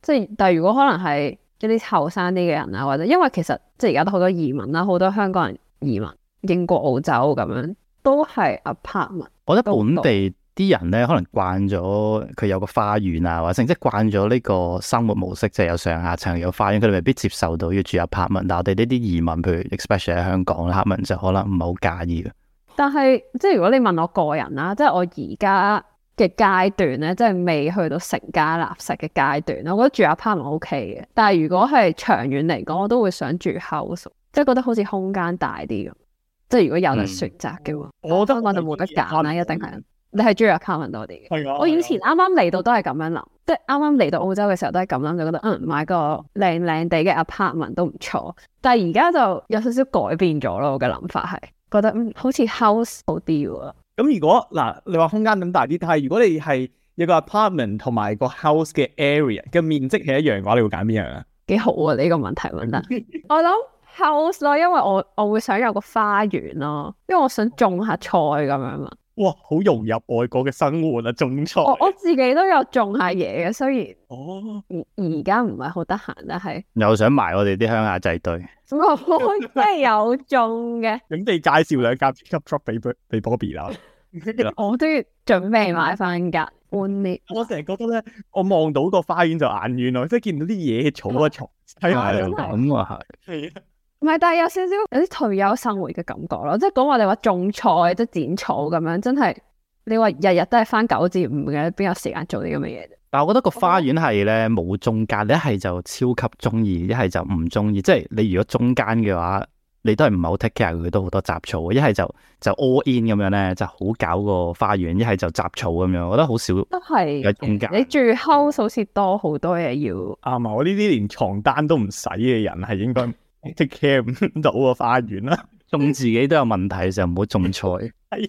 即係但係如果可能係一啲後生啲嘅人啊，或者因為其實即係而家都好多移民啦，好多香港人移民英國、澳洲咁樣，都係 apartment。我覺得本地啲人咧，可能慣咗佢有個花園啊，或者即係慣咗呢個生活模式，就係有上下層有花園，佢哋未必接受到要住 apartment。但係我哋呢啲移民，譬如 especially 喺香港啦 apartment 就可能唔係好介意㗎。但係，即係如果你問我個人啦，即係我而家嘅階段咧，即係未去到成家立室嘅階段，我覺得住 apartment OK 嘅，但係如果係長遠嚟講，我都會想住 house，即係覺得好似空間大啲咁。即係如果有得選擇嘅話，嗯、我都香港 我就冇得揀啦，一定係、嗯、你係住 apartment 多啲嘅。啊、我以前啱啱嚟到都係咁樣諗，即係啱啱嚟到澳洲嘅時候都係咁諗，就覺得嗯買個靚靚地嘅 apartment 都唔錯。但係而家就有少少改變咗咯，我嘅諗法係。覺得好似 house 好啲喎。咁、嗯、如果嗱，你話空間咁大啲，但係如果你係一個 apartment 同埋個 house 嘅 area 嘅面積係一樣嘅話，你會揀邊樣啊？幾好啊呢個問題問得。 我諗 house 咯，因為我我會想有個花園咯、啊，因為我想種下菜咁樣嘛。哇，好融入外國嘅生活啊！種菜，我自己都有種下嘢嘅，雖然哦而而家唔係好得閒，但係又想埋我哋啲鄉下仔堆，我真係有種嘅。影地介紹兩間 pickup shop 俾俾 Bobby 啦。Bob 我都要準備買翻間，換年。 我成日覺得咧，我望到個花園就眼軟咯，即係見到啲嘢草啊草，睇下咁啊係。唔係，但係有少少有啲退休生活嘅感覺咯，即係講話你話種菜即剪草咁樣，真係你話日日都係返九至五嘅，邊有時間做啲咁嘅嘢？但係我覺得個花園係咧冇中間，一係就超級中意，一係就唔中意。即係你如果中間嘅話，你都係唔係好 take care，佢都好多雜草。一係就就 all in 咁樣咧，就好搞個花園；一係就雜草咁樣，我覺得好少都係有中間。你住 house 好似多好多嘢要啱啊！我呢啲連床單都唔使嘅人係應該。 即係企唔到啊！ 嗯、花園啦，種自己都有問題嘅時候，唔好種菜。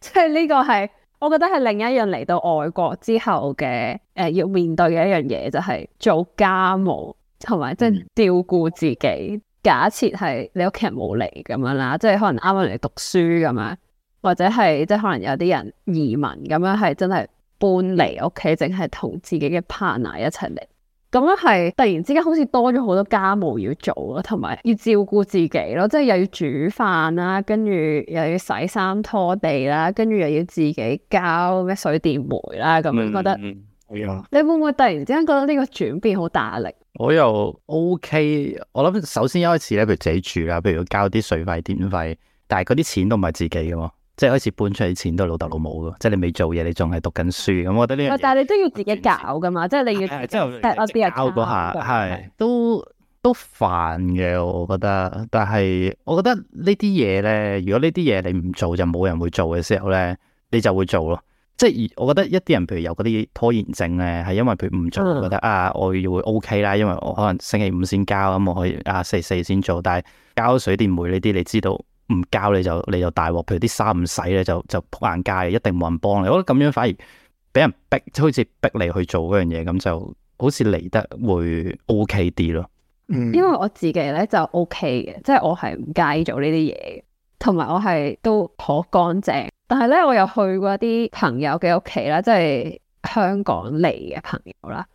即係呢個係，我覺得係另一樣嚟到外國之後嘅，誒、呃，要面對嘅一樣嘢就係、是、做家務，同埋即係照顧自己。假設係你屋企人冇嚟咁樣啦，即係可能啱啱嚟讀書咁樣，或者係即係可能有啲人移民咁樣，係真係搬嚟屋企，淨係同自己嘅 partner 一齊嚟。咁樣係突然之間好似多咗好多家務要做咯，同埋要照顧自己咯，即係又要煮飯啦，跟住又要洗衫拖地啦，跟住又要自己交咩水電煤啦，咁樣覺得。嗯，你會唔會突然之間覺得呢個轉變好大力？我又 OK，我諗首先一開始咧，譬如自己住啦，譬如要交啲水費電費，但係嗰啲錢都唔係自己嘅喎。即係開始搬出去，錢都係老豆老母噶，即係你未做嘢，你仲係讀緊書，咁、嗯、我覺得呢。但係你都要自己搞噶嘛，嗯、即係你要。是即係我啲人搞下，係都都煩嘅，我覺得。但係我覺得呢啲嘢咧，如果呢啲嘢你唔做就冇人會做嘅時候咧，你就會做咯。即係我覺得一啲人譬如有嗰啲拖延症咧，係因為佢唔做，嗯、我覺得啊我要會 OK 啦，因為我可能星期五先交咁、嗯，我可以啊四四先做。但係交水電煤呢啲，你知道。唔教你就你就大鑊，譬如啲衫唔洗咧就就仆硬街，一定冇人幫你。我覺得咁樣反而俾人逼，就好似逼你去做嗰樣嘢，咁就好似嚟得會 OK 啲咯。嗯，因為我自己咧就 OK 嘅，即係我係唔介意做呢啲嘢，同埋我係都好乾淨。但係咧，我又去過一啲朋友嘅屋企啦，即係香港嚟嘅朋友啦。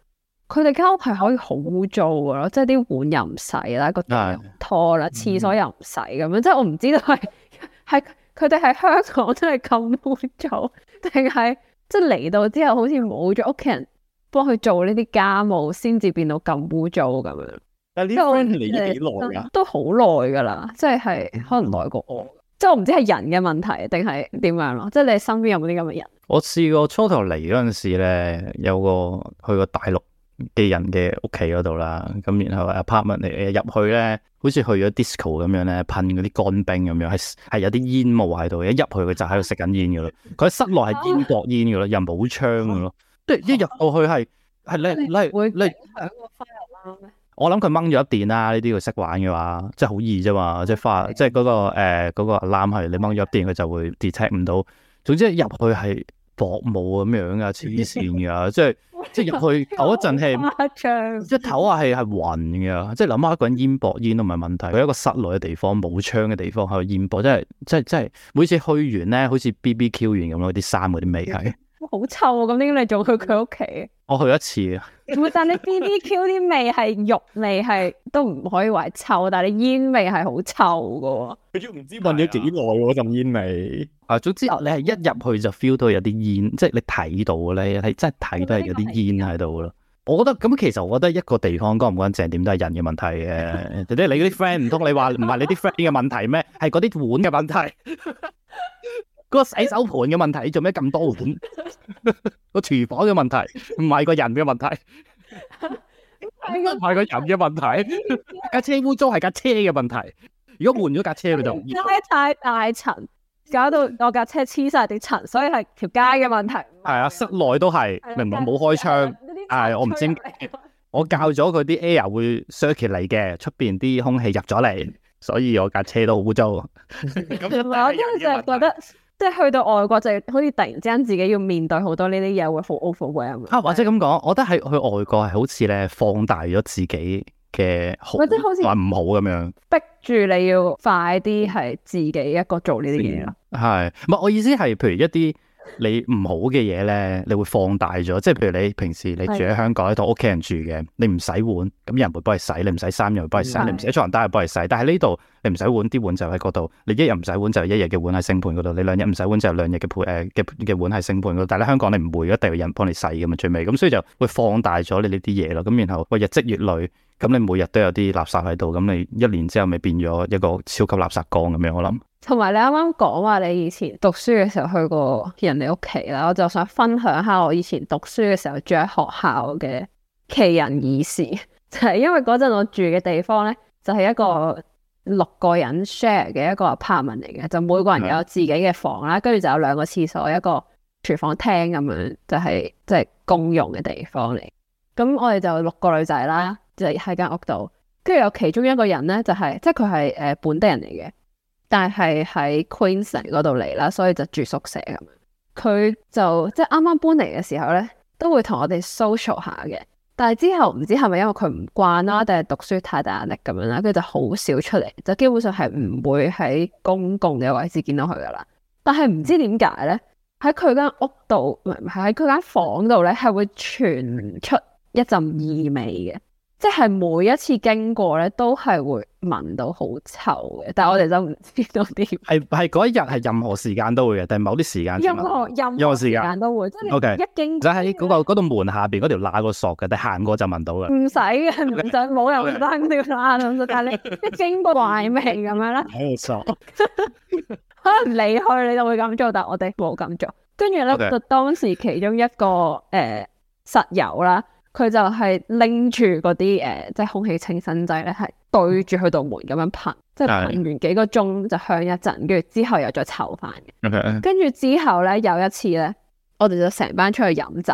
佢哋間屋係可以好污糟噶咯，即係啲碗又唔洗啦，個地拖啦，廁所又唔洗咁樣，嗯、即係我唔知道係係佢哋喺香港真係咁污糟，定係即係嚟到之後好似冇咗屋企人幫佢做呢啲家務，先至變到咁污糟咁樣。但呢啲 friend 嚟咗幾耐啊？都好耐㗎啦，即係係可能耐過我。即係我唔知係人嘅問題定係點樣咯？即係你身邊有冇啲咁嘅人？我試過初頭嚟嗰陣時咧，有個去過大陸嘅人嘅屋企嗰度啦，咁然後 apartment 嚟入去咧，好似去咗 disco 咁樣咧，噴嗰啲乾冰咁樣，係係有啲煙霧喺度一入去佢就喺度食緊煙嘅啦，佢喺室內係煙焗煙嘅咯，又冇窗嘅咯，即係一入到去係係 你 你你響 fire alarm。你 我諗佢掹咗電啦，呢啲佢識玩嘅話，即係好易啫嘛，即係花 即係、嗰、嗰個誒嗰、呃嗰個 alarm 係、嗰個、你掹咗電，佢就會 detect 唔到。總之入去係。 薄霧咁樣啊，黐線噶，即係即係入去唞一陣氣，即係唞下氣係暈嘅，即係諗下一個人煙薄煙都唔係問題。佢一個室內嘅地方，冇窗嘅地方喺度煙薄，真係真真係每次去完咧，好似 BBQ 完咁咯，啲衫嗰啲味係。好臭啊！咁點解你仲去佢屋企？我去一次啊。但你 BBQ 啲味係肉味係 都唔可以話係臭，但係你煙味係好臭噶。佢仲唔知燜咗幾耐喎？嗰陣煙味啊！總之你係一入去就 feel 到有啲煙，即係你睇到咧，一睇真係睇都係有啲煙喺度咯。我覺得咁其實我覺得一個地方乾唔乾淨點都係人嘅問題嘅。即係 你嗰啲 friend 唔通你話唔係你啲 friend 嘅問題咩？係嗰啲碗嘅問題。 嗰個洗手盤嘅問題，做咩咁多碗？個 廚房嘅問題唔係個人嘅問題，應該唔係個人嘅問題。架 車污糟係架車嘅問題，如果換咗架車佢就。真係太大塵，搞到我架車黐晒啲塵，所以係條街嘅問題。係啊，室內都係，明明冇開窗，誒、 哎，我唔知， 我教咗佢啲 air 會 circulate 嚟嘅，出邊啲空氣入咗嚟，所以我架車都好污糟。咁我真係就覺得。 即係去到外國就好似突然之間自己要面對好多呢啲嘢，會好 overwhelm 啊！或者咁講，是我覺得喺去外國係好似咧放大咗自己嘅好，或者好似話唔好咁樣，逼住你要快啲係自己一個做呢啲嘢咯。係，唔係我意思係譬如一啲。你唔好嘅嘢咧，你會放大咗。即係譬如你平時你住喺香港，喺度屋企人住嘅，你唔洗碗，咁有人會幫你洗。你唔洗衫，人會幫你洗。的你唔洗床單，人幫你洗。但係呢度你唔洗碗，啲碗就喺嗰度。你一日唔洗碗就一日嘅碗喺鋅盤嗰度。你兩日唔洗碗就兩日嘅盤誒嘅嘅碗喺鋅盤嗰度。但係香港你唔會，一定要有人幫你洗㗎嘛，最尾咁，所以就會放大咗你呢啲嘢咯。咁然後喂日積月累，咁你每日都有啲垃圾喺度，咁你一年之後咪變咗一個超級垃圾缸咁樣。我諗。同埋你啱啱講話你以前讀書嘅時候去過人哋屋企啦，我就想分享下我以前讀書嘅時候住喺學校嘅奇人異事。就係、是、因為嗰陣我住嘅地方咧，就係、是、一個六個人 share 嘅一個 apartment 嚟嘅，就每個人有自己嘅房啦，跟住的就有兩個廁所，一個廚房廳咁樣，就係即係公用嘅地方嚟。咁我哋就六個女仔啦，就係喺間屋度，跟住有其中一個人咧，就係、是、即係佢係誒本地人嚟嘅。但係喺 Queenston 嗰度嚟啦，所以就住宿舍咁樣。佢就即係啱啱搬嚟嘅時候咧，都會同我哋 social 下嘅。但係之後唔知係咪因為佢唔慣啦，定係讀書太大壓力咁樣啦，跟住就好少出嚟，就基本上係唔會喺公共嘅位置見到佢噶啦。但係唔知點解咧，喺佢間屋度，唔係喺佢間房度咧，係會傳出一陣異味嘅。即係每一次經過咧，都係會聞到好臭嘅，但係我哋就唔知道點。係係嗰一日係任何時間都會嘅，定係某啲時間？任何任何時間都會，即係你一經過就喺嗰個嗰道門下邊嗰條罅個索嘅，但係行過就聞到嘅。唔使嘅，就冇人會單調啦。咁但係你一經過壞味咁樣啦，喺度索。可能你去你就會咁做，但係我哋冇咁做。跟住咧，就當時其中一個誒室友啦。佢就係拎住嗰啲誒，即係空氣清新劑咧，係對住佢度門咁樣噴，即係是噴完幾個鐘就香一陣，跟住之後又再臭翻嘅。跟住 okay. 之後咧，有一次咧，我哋就成班出去飲酒，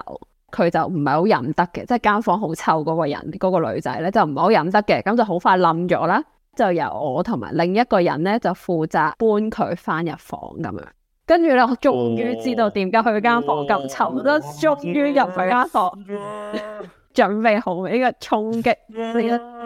佢就唔係好飲得嘅，即係間房好臭嗰個人嗰、嗰個女仔咧就唔係好飲得嘅，咁就好快冧咗啦。就由我同埋另一個人咧就負責搬佢翻入房咁樣。跟住咧，我終於知道點解佢間房咁臭啦！終於、哦哦、入佢間房間，哦哦、 準備好呢個衝擊，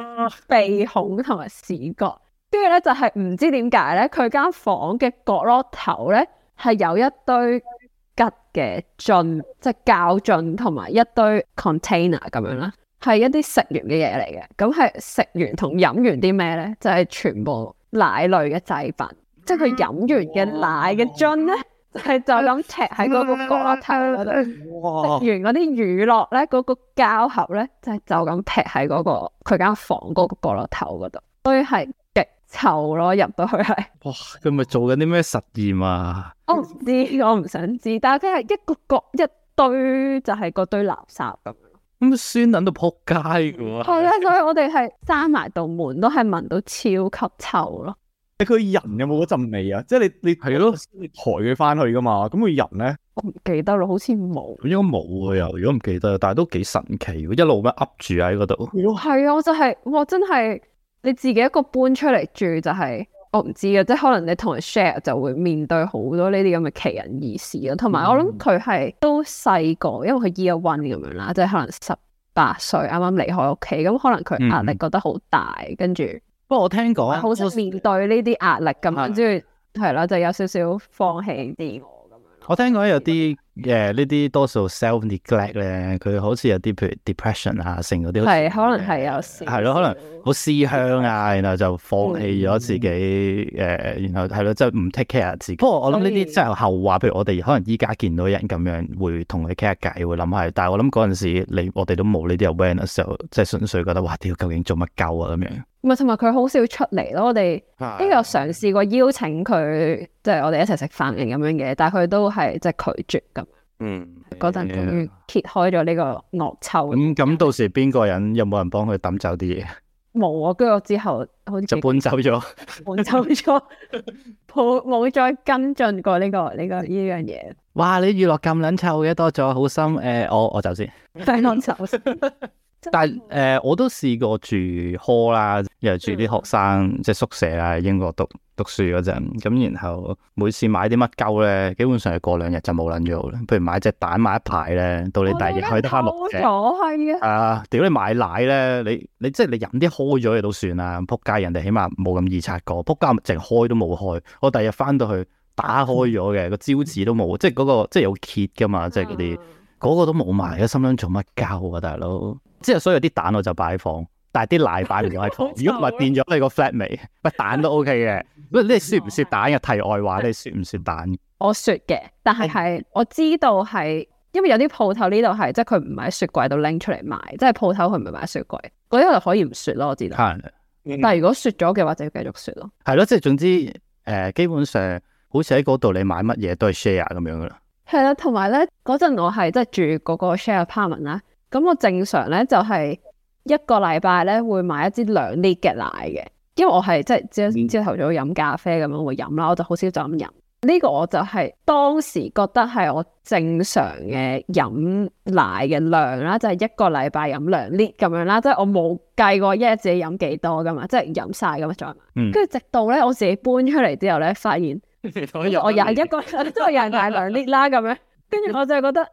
鼻孔同埋視覺。跟住咧，就係、是、唔知點解咧，佢間房嘅角落頭咧係有一堆吉嘅樽，即係膠樽同埋一堆 container 咁樣啦，係一啲食完嘅嘢嚟嘅。咁係食完同飲完啲咩咧？就係、是、全部奶類嘅製品。即係佢飲完嘅奶嘅樽咧，係哇 就咁踢喺嗰個角落頭度；食哇完嗰啲乳酪咧，嗰、嗰個膠盒咧，就係、係、就咁踢喺嗰個佢間房嗰個角落頭度，所以係極臭咯，入到去係。哇！佢咪做緊啲咩實驗啊？我唔知，我唔想知。但係佢係一個角一堆，就係嗰堆垃圾咁咁酸，撚到扑街㗎喎。係咧，所以我哋係閂埋度門，都係聞到超級臭咯。佢人有冇嗰陣味啊？即係你你係咯，抬佢翻去噶嘛？咁佢人咧，我唔記得咯，好似冇。應該冇啊又，如果唔記得，但係都幾神奇，一路咁噏住喺嗰度。係啊，我就係、是、哇，我真係你自己一個搬出嚟住就係、是、我唔知啊，即係可能你同人 share 就會面對好多呢啲咁嘅奇人異事啊。同埋我諗佢係都細個，因為佢 year one 咁樣啦，即係可能十八歲啱啱離開屋企，咁可能佢壓力覺得好大，嗯、跟住。不過我聽講、啊，好識面對呢啲壓力咁樣，即係係咯，就有少少放棄啲我咁我聽講有啲誒，呢啲、嗯 yeah, 多數 self neglect 咧，佢、嗯、好似有啲譬如 depression 啊，性嗰啲係可能係有少。係咯、嗯，可能好思鄉啊，然後就放棄咗自己誒、嗯，然後係咯，即係唔 take care 自己。不過我諗呢啲真係後話，譬如我哋可能依家見到人咁樣會同佢傾下偈，會諗下。但係我諗嗰陣時，你我哋都冇呢啲有 van 嘅時候，即係純粹覺得哇，屌究，究竟做乜鳩啊咁樣。唔係，同埋佢好少出嚟咯。我哋都有嘗試過邀請佢，即、就、係、是、我哋一齊食飯型咁樣嘅，但係佢都係即係拒絕咁嗯，嗰陣終於揭開咗呢個惡臭。咁咁、嗯，到時邊個人有冇人幫佢抌走啲嘢？冇啊！跟住我之後好似就搬走咗，搬走咗，冇 冇 再跟進過呢、這個呢、這個呢樣嘢。 哇！你娛樂咁撚臭嘅，多咗好心。誒、呃，我我走先，我，我先走先。 但誒、呃，我都試過住 hall 啦，又住啲學生即係宿舍啦。英國讀讀書嗰陣，咁然後每次買啲乜鳩咧，基本上係過兩日就冇撚咗。譬如買隻蛋買一排咧，到你第二日開得翻冇隻。係啊，屌、呃、你買奶咧，你你即係你飲啲開咗嘅都算啦。撲街人哋起碼冇咁易拆過，撲街淨開都冇開。我第二日翻到去打開咗嘅、 嗰個招紙都冇，即係嗰個即係有揭㗎嘛，即係嗰啲嗰個都冇埋。心諗做乜鳩啊大佬？即係所以有啲蛋我就擺放，但係啲奶擺唔到喺台。 醜啊、如果唔係變咗你個 flat 味，唔蛋都 OK 嘅。喂， 你雪唔雪蛋嘅題外話？你雪唔雪蛋？我雪嘅，但係係我知道係，因為有啲鋪頭呢度係，即係佢唔喺雪櫃度拎出嚟賣，即係鋪頭佢唔係買雪櫃。嗰啲就可以唔雪咯，我知道。係。 但係如果雪咗嘅話，就要繼續雪咯。係咯，即係總之，誒、呃，基本上好似喺嗰度，你買乜嘢都係 share 咁樣噶啦。係啦，同埋咧，嗰陣我係即係住嗰個 share apartment 啦。咁我正常咧就係、是，一個禮拜咧會買一支兩 litre 嘅奶嘅，因為我係即係朝朝頭早飲、嗯、咖啡咁樣會飲啦，我就好少就咁飲。呢、這個我就係、是，當時覺得係我正常嘅飲奶嘅量啦，就係、是，一個禮拜飲兩 litre 咁樣啦，即係我冇計過一日自己飲幾多噶嘛，即係飲晒咁啊再買跟住、嗯、直到咧我自己搬出嚟之後咧，發現我我飲一個即係人大兩 litre 啦咁樣，跟住我就覺得。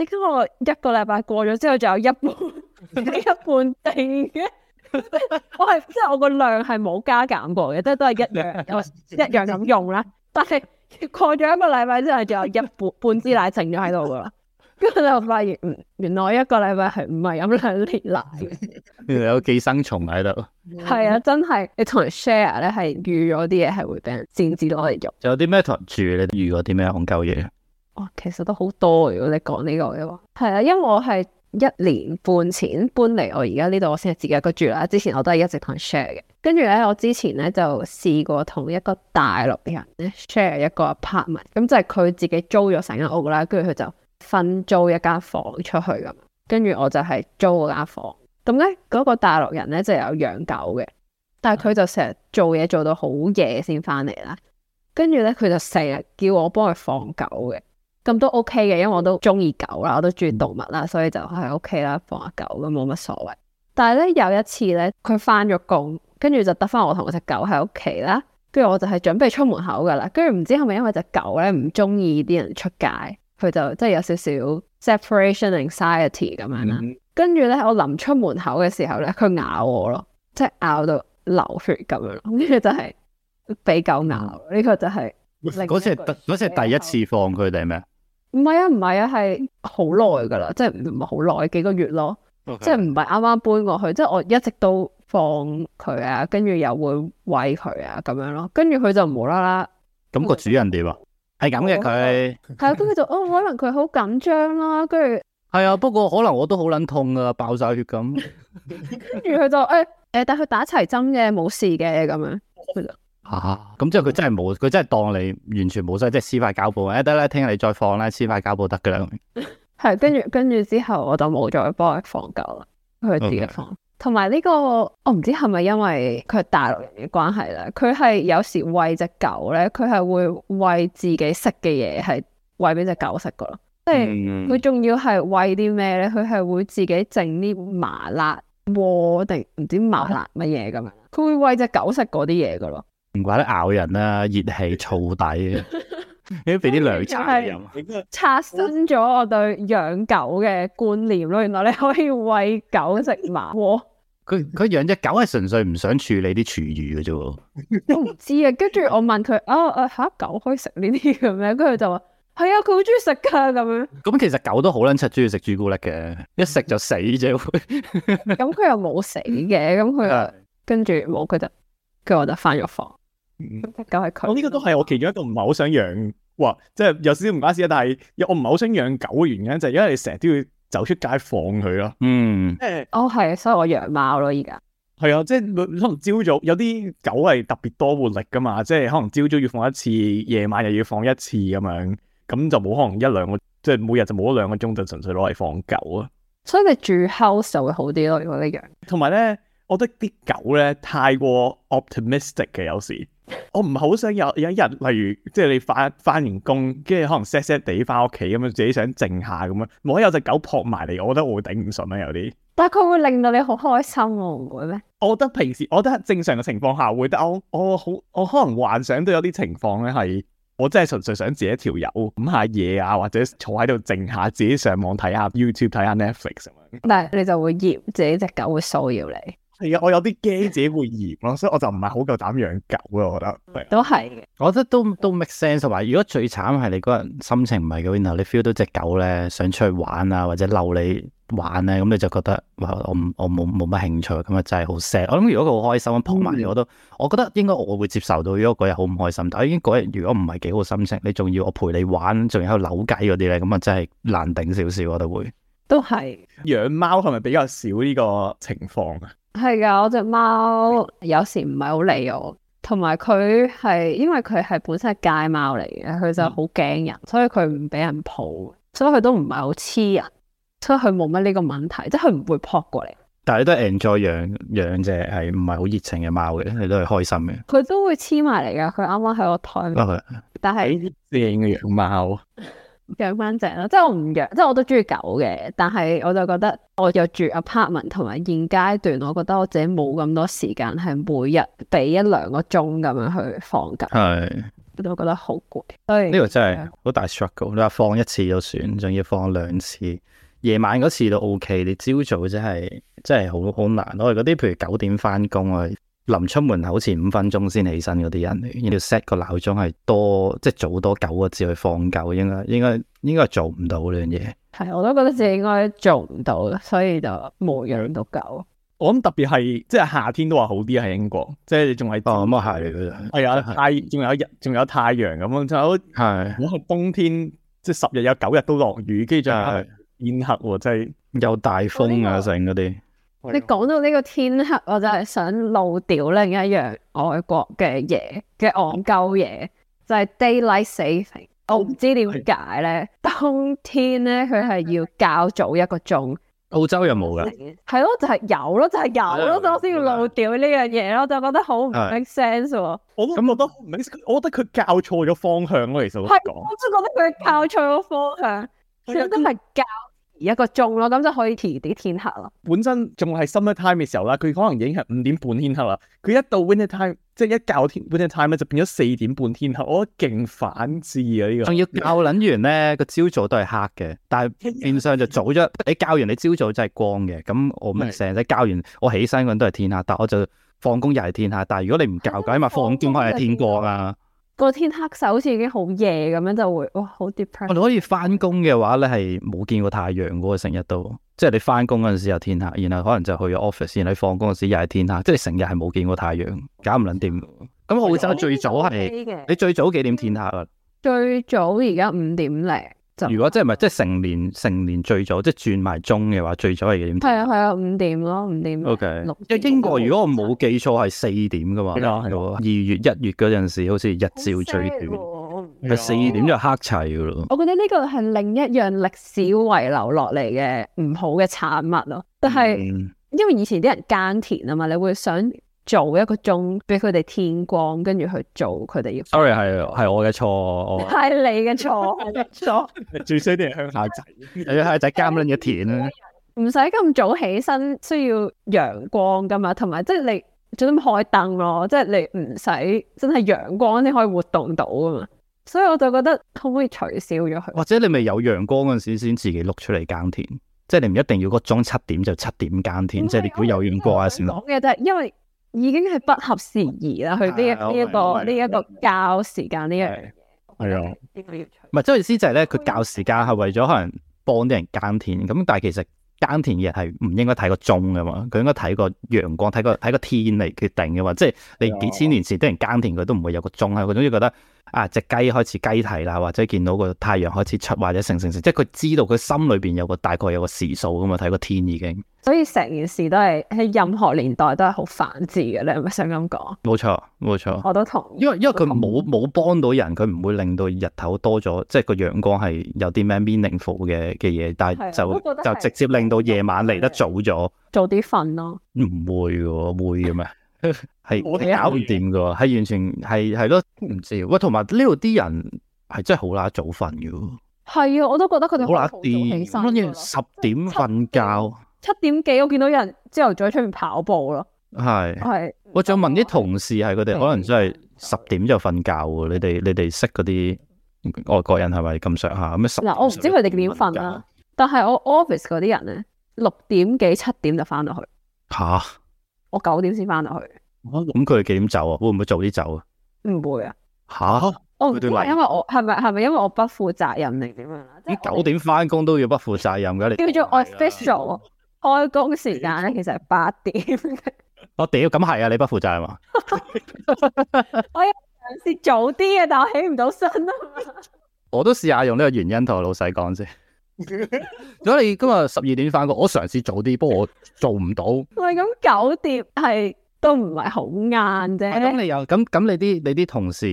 你點解我一個禮拜過咗之後 定，仲有一半，一 半地嘅？我係即係我個量係冇加減過嘅，都都係一樣，一樣咁用啦。但係過咗一個禮拜之後，仲有一半半支奶剩咗喺度噶啦。跟住你就發現，嗯，原來一個禮拜係唔係飲兩支奶嘅。 原來有寄生蟲喺度。係 啊，真係你同人 share 咧，係預咗啲嘢係會俾人先知道我哋用。仲有啲咩同人住？你預咗啲咩恐鳩嘢？哇，其實都好多，如果你講呢個嘅話，係啊，因為我係一年半前搬嚟，我而家呢度我先係自己一個住啦。之前我都係一直同佢 share 嘅。跟住咧，我之前咧就試過同一個大陸人咧 share 一個 apartment，咁就係佢自己租咗成間屋啦，跟住佢就分租一間房出去咁。跟住我就係租嗰間房。咁咧嗰個大陸人咧就有養狗嘅，但係佢就成日做嘢做到好夜先翻嚟啦。跟住咧佢就成日叫我幫佢放狗嘅。咁都 OK 嘅，因為我都中意狗啦，我都中意動物啦，嗯、所以就喺屋企啦，放下狗咁冇乜所謂。但係咧有一次咧，佢翻咗工，跟住就得翻我同隻狗喺屋企啦。跟住我就係準備出門口噶啦，跟住唔知係咪因為隻狗咧唔中意啲人出街，佢就即係有少少 separation anxiety 咁樣啦。跟住咧我臨出門口嘅時候咧，佢咬我咯，即係咬到流血咁樣。跟住就係俾狗咬呢、呢個就係嗰次係第一次放佢哋咩？唔係啊，唔係啊，係好耐噶啦，即係唔係好耐，幾個月咯，Okay. 即係唔係啱啱搬過去，即係我一直都放佢啊，跟住又會餵佢啊，咁樣咯，跟住佢就冇啦啦。咁個主人點啊？係咁嘅佢，係啊，跟住 就哦，可能佢好緊張啦，跟住係啊，不過可能我都好撚痛啊，爆晒血咁，跟住佢就誒誒，但佢打齊針嘅，冇事嘅咁樣。啊，咁之後佢真係冇，佢真係當你完全冇晒，即係撕塊膠布，哎得啦，聽日你再放啦，撕塊膠布得噶啦。係， 跟住跟住之後我就冇再幫佢放狗啦，佢自己放。同埋呢個，我唔知係咪因為佢係大陸人嘅關係啦，佢係有時餵隻狗咧，佢係會餵自己食嘅嘢，係餵俾隻狗食噶咯。即係佢仲要係餵啲咩咧？佢係會自己整啲麻辣鍋定唔知麻辣乜嘢咁樣，佢 會餵隻狗食嗰啲嘢噶咯。唔怪得咬人啦、啊，熱氣燥底，應該俾啲涼茶飲。刷新咗我對養狗嘅觀念咯，原來你可以喂狗食麻果。佢佢養隻狗係純粹唔想處理啲廚餘嘅啫。我唔知啊，跟住我問佢啊啊吓，哦哦、下狗可以食呢啲嘅咩？跟住就話係啊，佢好中意食噶咁樣。咁其實狗都好撚出中意食朱古力嘅，一食就死啫。咁佢又冇死嘅，咁佢辭音、啊、跟住冇，佢就佢就返咗房。辭 tomar 的 隻、嗯、狗係佢。我呢、哦這個都係我其中一個唔係好想養，哇！即係有少少唔關事啊。但係我唔係好想養狗嘅原因就係、是、因為你成日都要走出街放佢咯。嗯。誒、欸，我係、哦，所以我養貓咯。而家係啊，即係可能朝早有啲狗係特別多活力噶嘛，即係可能朝早要放一次，夜晚又要放一次咁樣，咁就冇可能一兩個，即係每日就冇咗兩個鐘就純粹攞嚟放狗啊。所以你住 house 就會好啲咯。如果呢樣，同埋咧，我覺得啲狗咧太過 optimistic 嘅有時。 我唔係好想有有一日，例如即係你翻翻完工，跟住可能寂寂地翻屋企咁樣，自己想靜下咁樣，冇有一隻狗撲埋嚟，我覺得我會頂唔順啊。有啲，但係佢會令到你好開心喎、啊，唔會咩？我覺得平時，我覺得正常嘅情況下會得，我好，我可能幻想都有啲情況咧，係我真係純粹想自己一條友諗下嘢啊，或者坐喺度靜下，自己上網睇下 YouTube 睇下 Netflix 咁樣，但係你就會嫌自己隻狗會騷擾你。係啊，我有啲驚自己會嫌咯，所以我就唔係好夠膽養狗咯。我覺得都係，我覺得都都 make sense。同埋，如果最慘係你嗰日心情唔係嘅，然後你 feel 到隻狗咧想出去玩啊，或者撩你玩咧、啊，咁、嗯、你就覺得哇，我我冇冇乜興趣，咁啊真係好 sad。我諗如果佢好開心撲埋嚟，嗯、我都我覺得應該我會接受到。如果嗰日好唔開心，但係已經嗰日如果唔係幾好心情，你仲要我陪你玩，仲要喺度扭計嗰啲咧，咁啊真係難頂少少，我都會。都係養貓係咪比較少呢個情況啊？係噶，我隻貓有時唔係好理我，同埋佢係因為佢係本身係街貓嚟嘅，佢就好驚人，所以佢唔俾人抱，所以佢都唔係好黐人，所以佢冇乜呢個問題，即係佢唔會撲過嚟。但係你都係 enjoy 養養只係唔係好熱情嘅貓嘅，你都係開心嘅。佢都會黐埋嚟噶，佢啱啱喺我台。啊、但係啲嘢應該養貓。 養翻隻咯，即係我唔養，即係我都中意狗嘅，但係我就覺得我又住 apartment 同埋現階段，我覺得我自己冇咁多時間係每日俾一兩個鐘咁樣去放緊，我是都覺得好攰。對呢個真係好大 struggle。你話的放一次就算，仲要放兩次，夜晚嗰次都 OK，你朝早真係真係好好難。我哋嗰啲譬如九點翻工啊。臨出門口前五分鐘先起身嗰啲人，要 set 個鬧鐘係多即係早多九個字去放狗，應該應該應該做唔到呢樣嘢。係，我都覺得自己應該做唔到，所以就冇養到狗。我諗特別係即係夏天都話好啲喺英國，即係仲係咁嚟係，係啊、哦哎、太仲是有日仲有太陽咁樣，就是有係。如果是冬天即係十日有九日都落雨，跟住就煙黑喎，即係又大風啊成嗰啲。這個 你講到呢個天黑，我就係想漏掉另一樣外國嘅嘢嘅戇鳩嘢，就係、是、Daylight Saving，哦。我唔知點解咧，的冬天咧佢係要較早一個鐘。澳洲又冇噶，係咯就係、是、有咯就係、是、有咯，我先要漏掉呢樣嘢咯，就覺得好唔 make sense。我都咁覺得，我覺得佢教錯咗方向咯，其實係我都覺得佢教錯咗方向，有啲咪教？一個鐘咯，咁就可以遲啲天黑咯。本身仲係 summer time 嘅時候啦，佢可能已經係五點半天黑啦。佢一到 winter time 即係一教天 winter time 咧，就變咗四點半天黑。我覺得勁反智啊！呢個仲要教撚完咧，個朝早都係黑嘅，但係變相就早咗。你教完你朝早真係光嘅。咁我咪成日教完我起身嗰陣都係天黑，但我就放工又係天黑。但係如果你唔教嘅，起碼放工係天光啊。個天黑曬，好似已經好夜咁樣，就會哇好 depress。我哋可以翻工嘅話咧，係冇見過太陽嗰個成日都，即係你翻工嗰陣時又天黑，然後可能就去咗 office，然後你放工嗰陣時又係天黑，即係你成日係冇見過太陽，搞唔撚掂。咁澳洲最早嘅，你最早幾點天黑啊？最早而家五點零。如果即係唔係即係成年成年最早即係轉埋鐘嘅話，最早係幾點？係啊係啊，五點咯，五點。O K。因為英國如果我冇記錯係四點噶嘛。係啊。二月、一月嗰陣時好似日照最短，係四點就黑齊噶咯。我覺得呢個係另一樣歷史遺留落嚟嘅唔好嘅產物咯。但係、嗯、因為以前啲人耕田啊嘛，你會想。做一個鐘俾佢哋天光，跟住去做佢哋要。sorry 係係我嘅錯，係你嘅錯，錯 最衰啲係鄉下仔，你鄉下仔耕乜嘢田啊？唔使咁早起身，需要陽光噶嘛？同埋即係你做啲開燈咯，即係你唔使真係陽光先可以活動到啊嘛。所以我就覺得可唔可以取消咗佢？或者、啊、你咪有陽光嗰陣時先自己碌出嚟耕田，即係你唔一定要嗰鐘七點就七點耕田，是即係你如果有陽光先。講嘅啫，因為。已經係不合時宜啦，佢呢一呢一個呢一個教時間呢樣嘢，係啊，唔係即係意思就係咧，佢教時間係為咗可能幫啲人耕田咁，但係其實耕田嘅人係唔應該睇個鐘噶嘛，佢應該睇個陽光、睇個睇個天嚟決定嘅嘛，即係你幾千年前啲人耕田佢都唔會有個鐘啊，佢總之覺得。啊！隻雞開始雞啼啦，或者見到個太陽開始出，或者成成成，即係佢知道佢心裏邊有個大概有個時數咁嘛。睇個天已經。所以成件事都係喺任何年代都係好反智嘅，你係咪想咁講？冇錯，冇錯。我都同。因為因為佢冇冇幫到人，佢唔會令到日頭多咗，即係個陽光係有啲咩 meaningful 嘅嘅嘢，但係就就直接令到夜晚嚟得早咗。早啲瞓咯。唔會喎，會嘅咩？ 係我哋搞唔掂噶，係完全係係咯，唔知喂。同埋呢度啲人係真係好乸早瞓噶，係啊，我都覺得佢哋好乸電。起身十點瞓覺，七點幾我見到有人朝頭早喺出面跑步咯。係係的，我想是問啲同事係佢哋，的的可能真係十點就瞓覺。你哋你哋識嗰啲外國人係咪咁上下？咁啊十嗱，我唔知佢哋點瞓啊。但係我 office 嗰啲人咧，六點幾七點就翻到去吓。我九點先翻到去，咁佢哋幾點走啊？會唔會早啲走啊？唔會啊！吓蛤，我、啊、因為我係咪係咪因為我不負責任定點樣啊？啲九點翻工都要不負責任噶，你叫做 official 開工時間咧，其實係八點。 我屌，咁係啊？你不負責係嘛？我嘗試早啲啊，但我起唔到身啊 我都試下用呢個原因同老細講先。如果你今日十二點翻工，我嘗試早啲，不過我做唔到。喂咁九點係都唔係好晏啫。咁你有咁咁，你啲你啲同事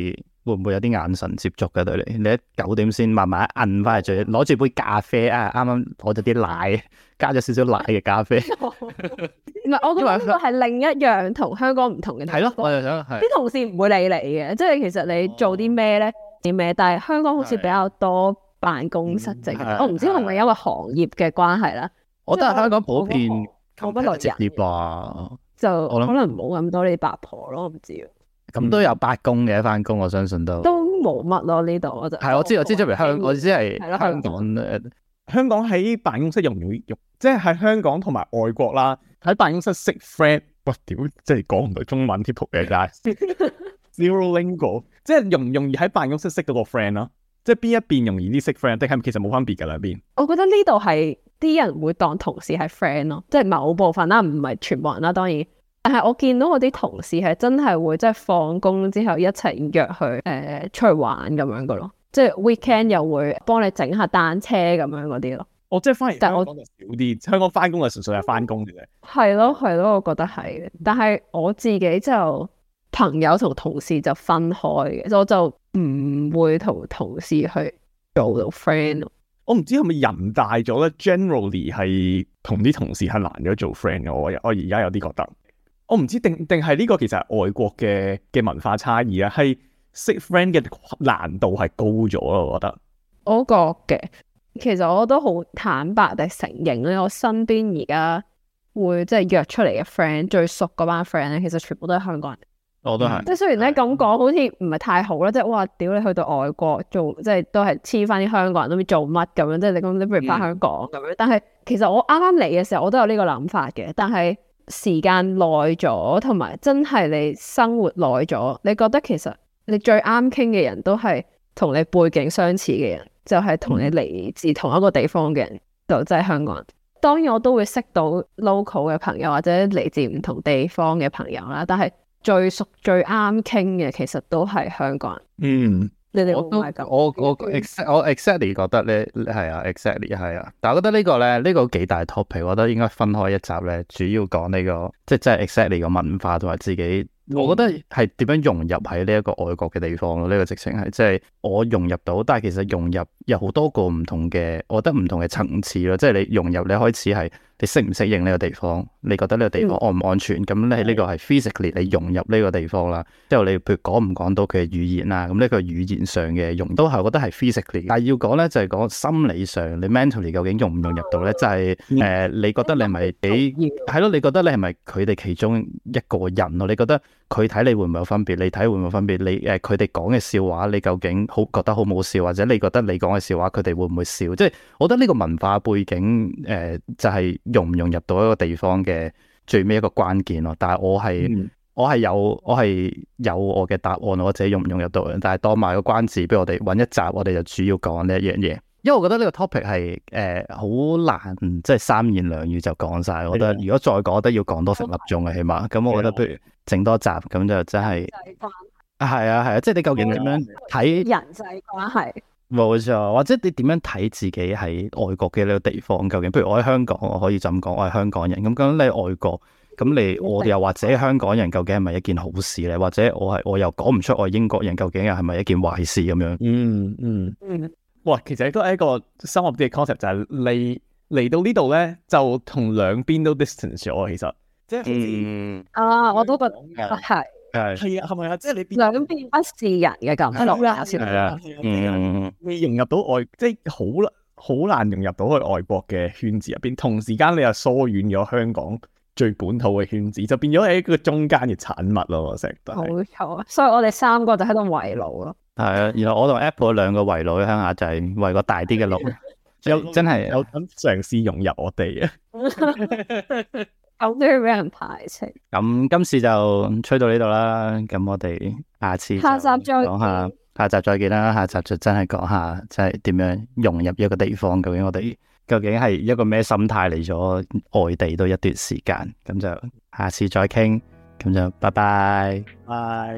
會唔會有啲眼神接觸嘅對你？你喺九點先慢慢按翻去最，攞住杯咖啡啊，啱啱攞咗啲奶，加咗少少奶嘅咖啡。唔係，我覺得呢個係另一樣同香港唔同嘅地方。係咯，我就想係。啲同事唔會理你嘅，即係其實你做啲咩咧？點咩？但係香港好似比較多。辦公室職，我唔知係咪因為行業嘅關係啦。我覺得係香港普遍冇不內職啲啩，就可能冇咁多啲八婆咯。我唔知咁都有八公嘅翻工，我相信都都冇乜咯呢度。我就係我知，我知，即係香，我即係香港，香港喺辦公室容唔容易？即係喺香港同埋外國啦，喺辦公室識 friend，我屌，即係講唔到中文 too easy，zero lingual，即係容唔容易喺辦公室識到個 friend 咯。即係邊一邊容易啲識 friend，定係其實冇分別噶兩邊。我覺得呢度係啲人會當同事係 friend 咯，即係某部分啦，唔係全部人啦，當然。但係我見到我啲同事係真係會即係放工之後一齊約佢誒出去玩咁樣噶咯，即係 weekend 又會幫你整下單車咁樣嗰啲咯。哦，即係反而但係我幫佢少啲，香港翻工係純粹係翻工嘅啫。係咯係咯，我覺得係。但係我自己就朋友同同事就分開嘅，我就。唔會同同事去做到 friend 啊，我唔知係咪人大咗咧，generally 係同啲同事係難咗做 friend 嘅。我我而家有啲覺得，我唔知定定係呢個其實係外國嘅嘅文化差異啊，係識 friend 嘅難度係高咗咯。我覺得，我覺嘅，其實我都好坦白地承認咧，我身邊而家會即係約出嚟嘅 friend，最熟嗰班 friend 咧，其實全部都係香港人。我都係即係雖然咧咁講，好似唔係太好啦。即係哇，屌你去到外國做，即係都係黐翻啲香港人都做乜咁樣。即係你講你不如翻香港咁樣，嗯，但係其實我啱啱嚟嘅時候，我都有呢個諗法嘅。但係時間耐咗，同埋真係你生活耐咗，你覺得其實你最啱傾嘅人都係同你背景相似嘅人，就係同你嚟自同一個地方嘅人，嗯，就即係香港人。當然我都會識到 local 嘅朋友或者嚟自唔同地方嘅朋友啦，但係。最熟最啱傾嘅，其實都係香港人。嗯，你哋好唔係咁？我我，我 ex、exactly，我 exactly 覺得咧係啊，exactly 係啊。但係我覺得呢個咧，呢個幾大 topic，我覺得應該分開一集咧，主要講呢個即係即係 exactly 個文化同埋自己。我覺得係點樣融入喺呢一個外國嘅地方咯、啊？呢、這個直情係即係我融入到，但係其實融入有好多個唔同嘅，我覺得唔同嘅層次咯、啊。即係你融入，你開始係你適唔適應呢個地方？你覺得呢個地方安唔安全？咁咧呢個係 physically 你融入呢個地方啦、啊。之後你譬如講唔講到佢嘅語言啊？咁呢個語言上嘅融都係，我覺得係 physically。但係要講咧，就係、是、講心理上你 mentally 究竟融唔融入到咧？就係、是、誒、呃，你覺得你係咪幾係咯、嗯？你覺得你係咪佢哋其中一個人咯、啊？你覺得？佢睇你會唔會有分別？你睇會唔會有分別？你誒佢哋講嘅笑話，你究竟好覺得好冇笑，或者你覺得你講嘅笑話佢哋會唔會笑？即係我覺得呢個文化背景誒、呃，就係融唔融入到一個地方嘅最尾一個關鍵咯。但係我係、嗯、我係有，有我係有我嘅答案，或者融唔融入到。但係當埋個關子俾我哋揾一集，我哋就主要講呢一樣嘢。因為我覺得呢個 topic 係誒好難，嗯、即係三言兩語就講晒。的我覺得如果再講，我覺得要講多成粒鐘嘅起碼。咁、嗯、我覺得不如整多集，咁就真係。人際關係係啊係啊，啊，啊，即係你究竟點樣睇人際關係？冇錯，或者你點樣睇自己喺外國嘅呢個地方究竟？譬如我喺香港，我可以就咁講，我係香港人。咁咁你喺外國，咁你我哋又或者香港人究竟係咪一件好事咧？或者我係我又講唔出我係英國人究竟又係咪一件壞事咁樣？嗯嗯。嗯哇，其實都係一個深入啲嘅 concept，就係你嚟到呢度咧，就同、是、兩邊都 distance 咗。其實即係好似啊，我都覺得係係係啊，係、就、咪、是、啊？即係你兩邊不是人嘅感覺係啊，嗯，嗯未融入到外即係好好難融入到去外國嘅圈子入邊，同時間你又疏遠咗香港。最本土嘅圈子就變咗喺個中間嘅產物咯，我食得冇錯啊，所以我哋三個就喺度圍老咯。係啊，然後我同 Apple 兩個圍爐喺鄉下就係圍個大啲嘅爐，有真係有想嘗試融入我哋啊。我都俾人排斥。咁今次就吹到呢度啦。咁我哋下次下集再講下，下集再見啦。下集就真係講下即係點樣融入一個地方。究竟我哋？究竟係一個咩心態，嚟咗外地都一段時間，咁就下次再傾，咁就拜拜，拜。